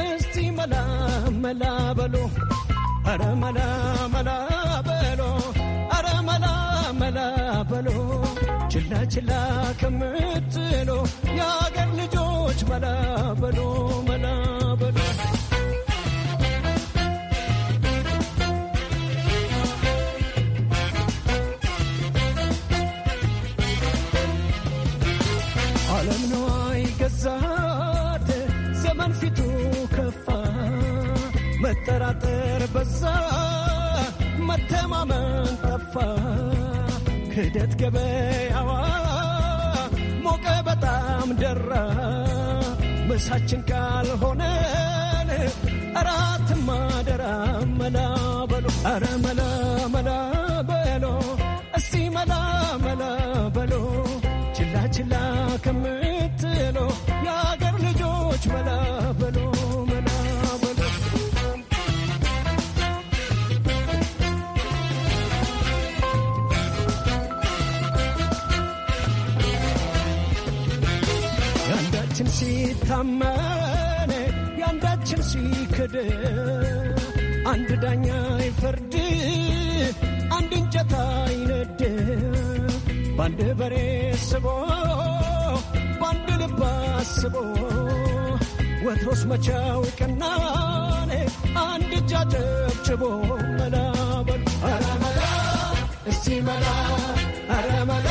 እስቲ መላ መላ በሎ አረ መላ መላ በሎ አረ መላ መላ በሎ ችላ ችላ ከምትሎ የአገር ልጆች መላ በሎ መላ መጠራጠር በዛ፣ መተማመን ጠፋ። ክደት ገበያዋ ሞቀ በጣም ደራ። ምሳችን ካልሆነን እራት ማደራ። መላ በሎ አረ መላ መላ በሎ እስቲ መላ መላ በሎ ችላ ችላ ከምትሎ ካመነ የአንዳችን ሲክድ አንድ ዳኛ ይፈርድ፣ አንድ እንጨት አይነድ። በአንድ በሬ ስቦ በአንድ ልብ አስቦ ወትሮስ መቻው ይቀናን አንድ እጃ ጨብጭቦ መላበል አረመላ እስቲ መላ አረመላ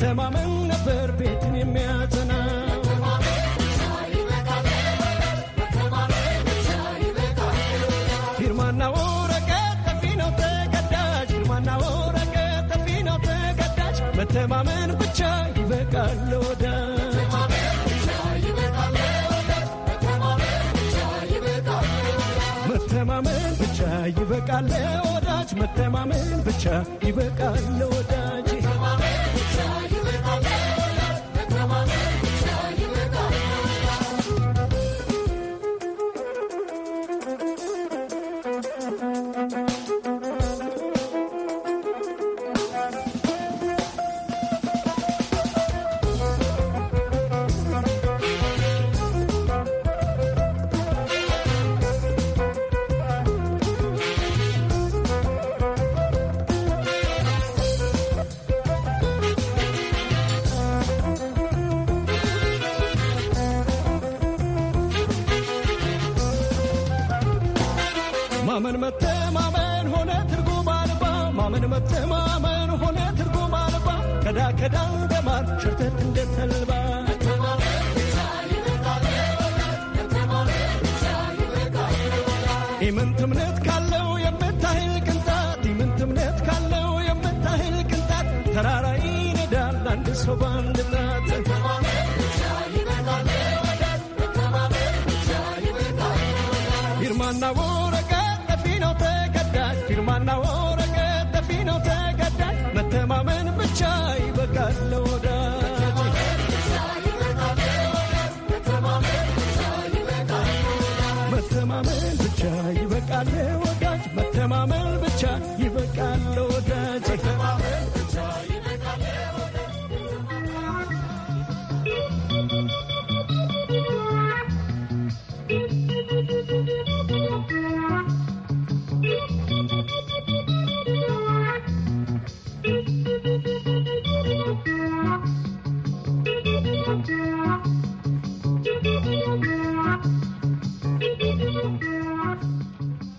መተማመን ነበር ቤትን የሚያጸና ፊርማና ወረቀት ጠፊ ነው ተቀዳጅ ፊርማና ወረቀት ጠፊ ነው ተቀዳጅ መተማመን ብቻ ይበቃል ወዳጅ መተማመን ብቻ ይበቃል ወዳጅ መተማመን ብቻ ይበቃል ወዳጅ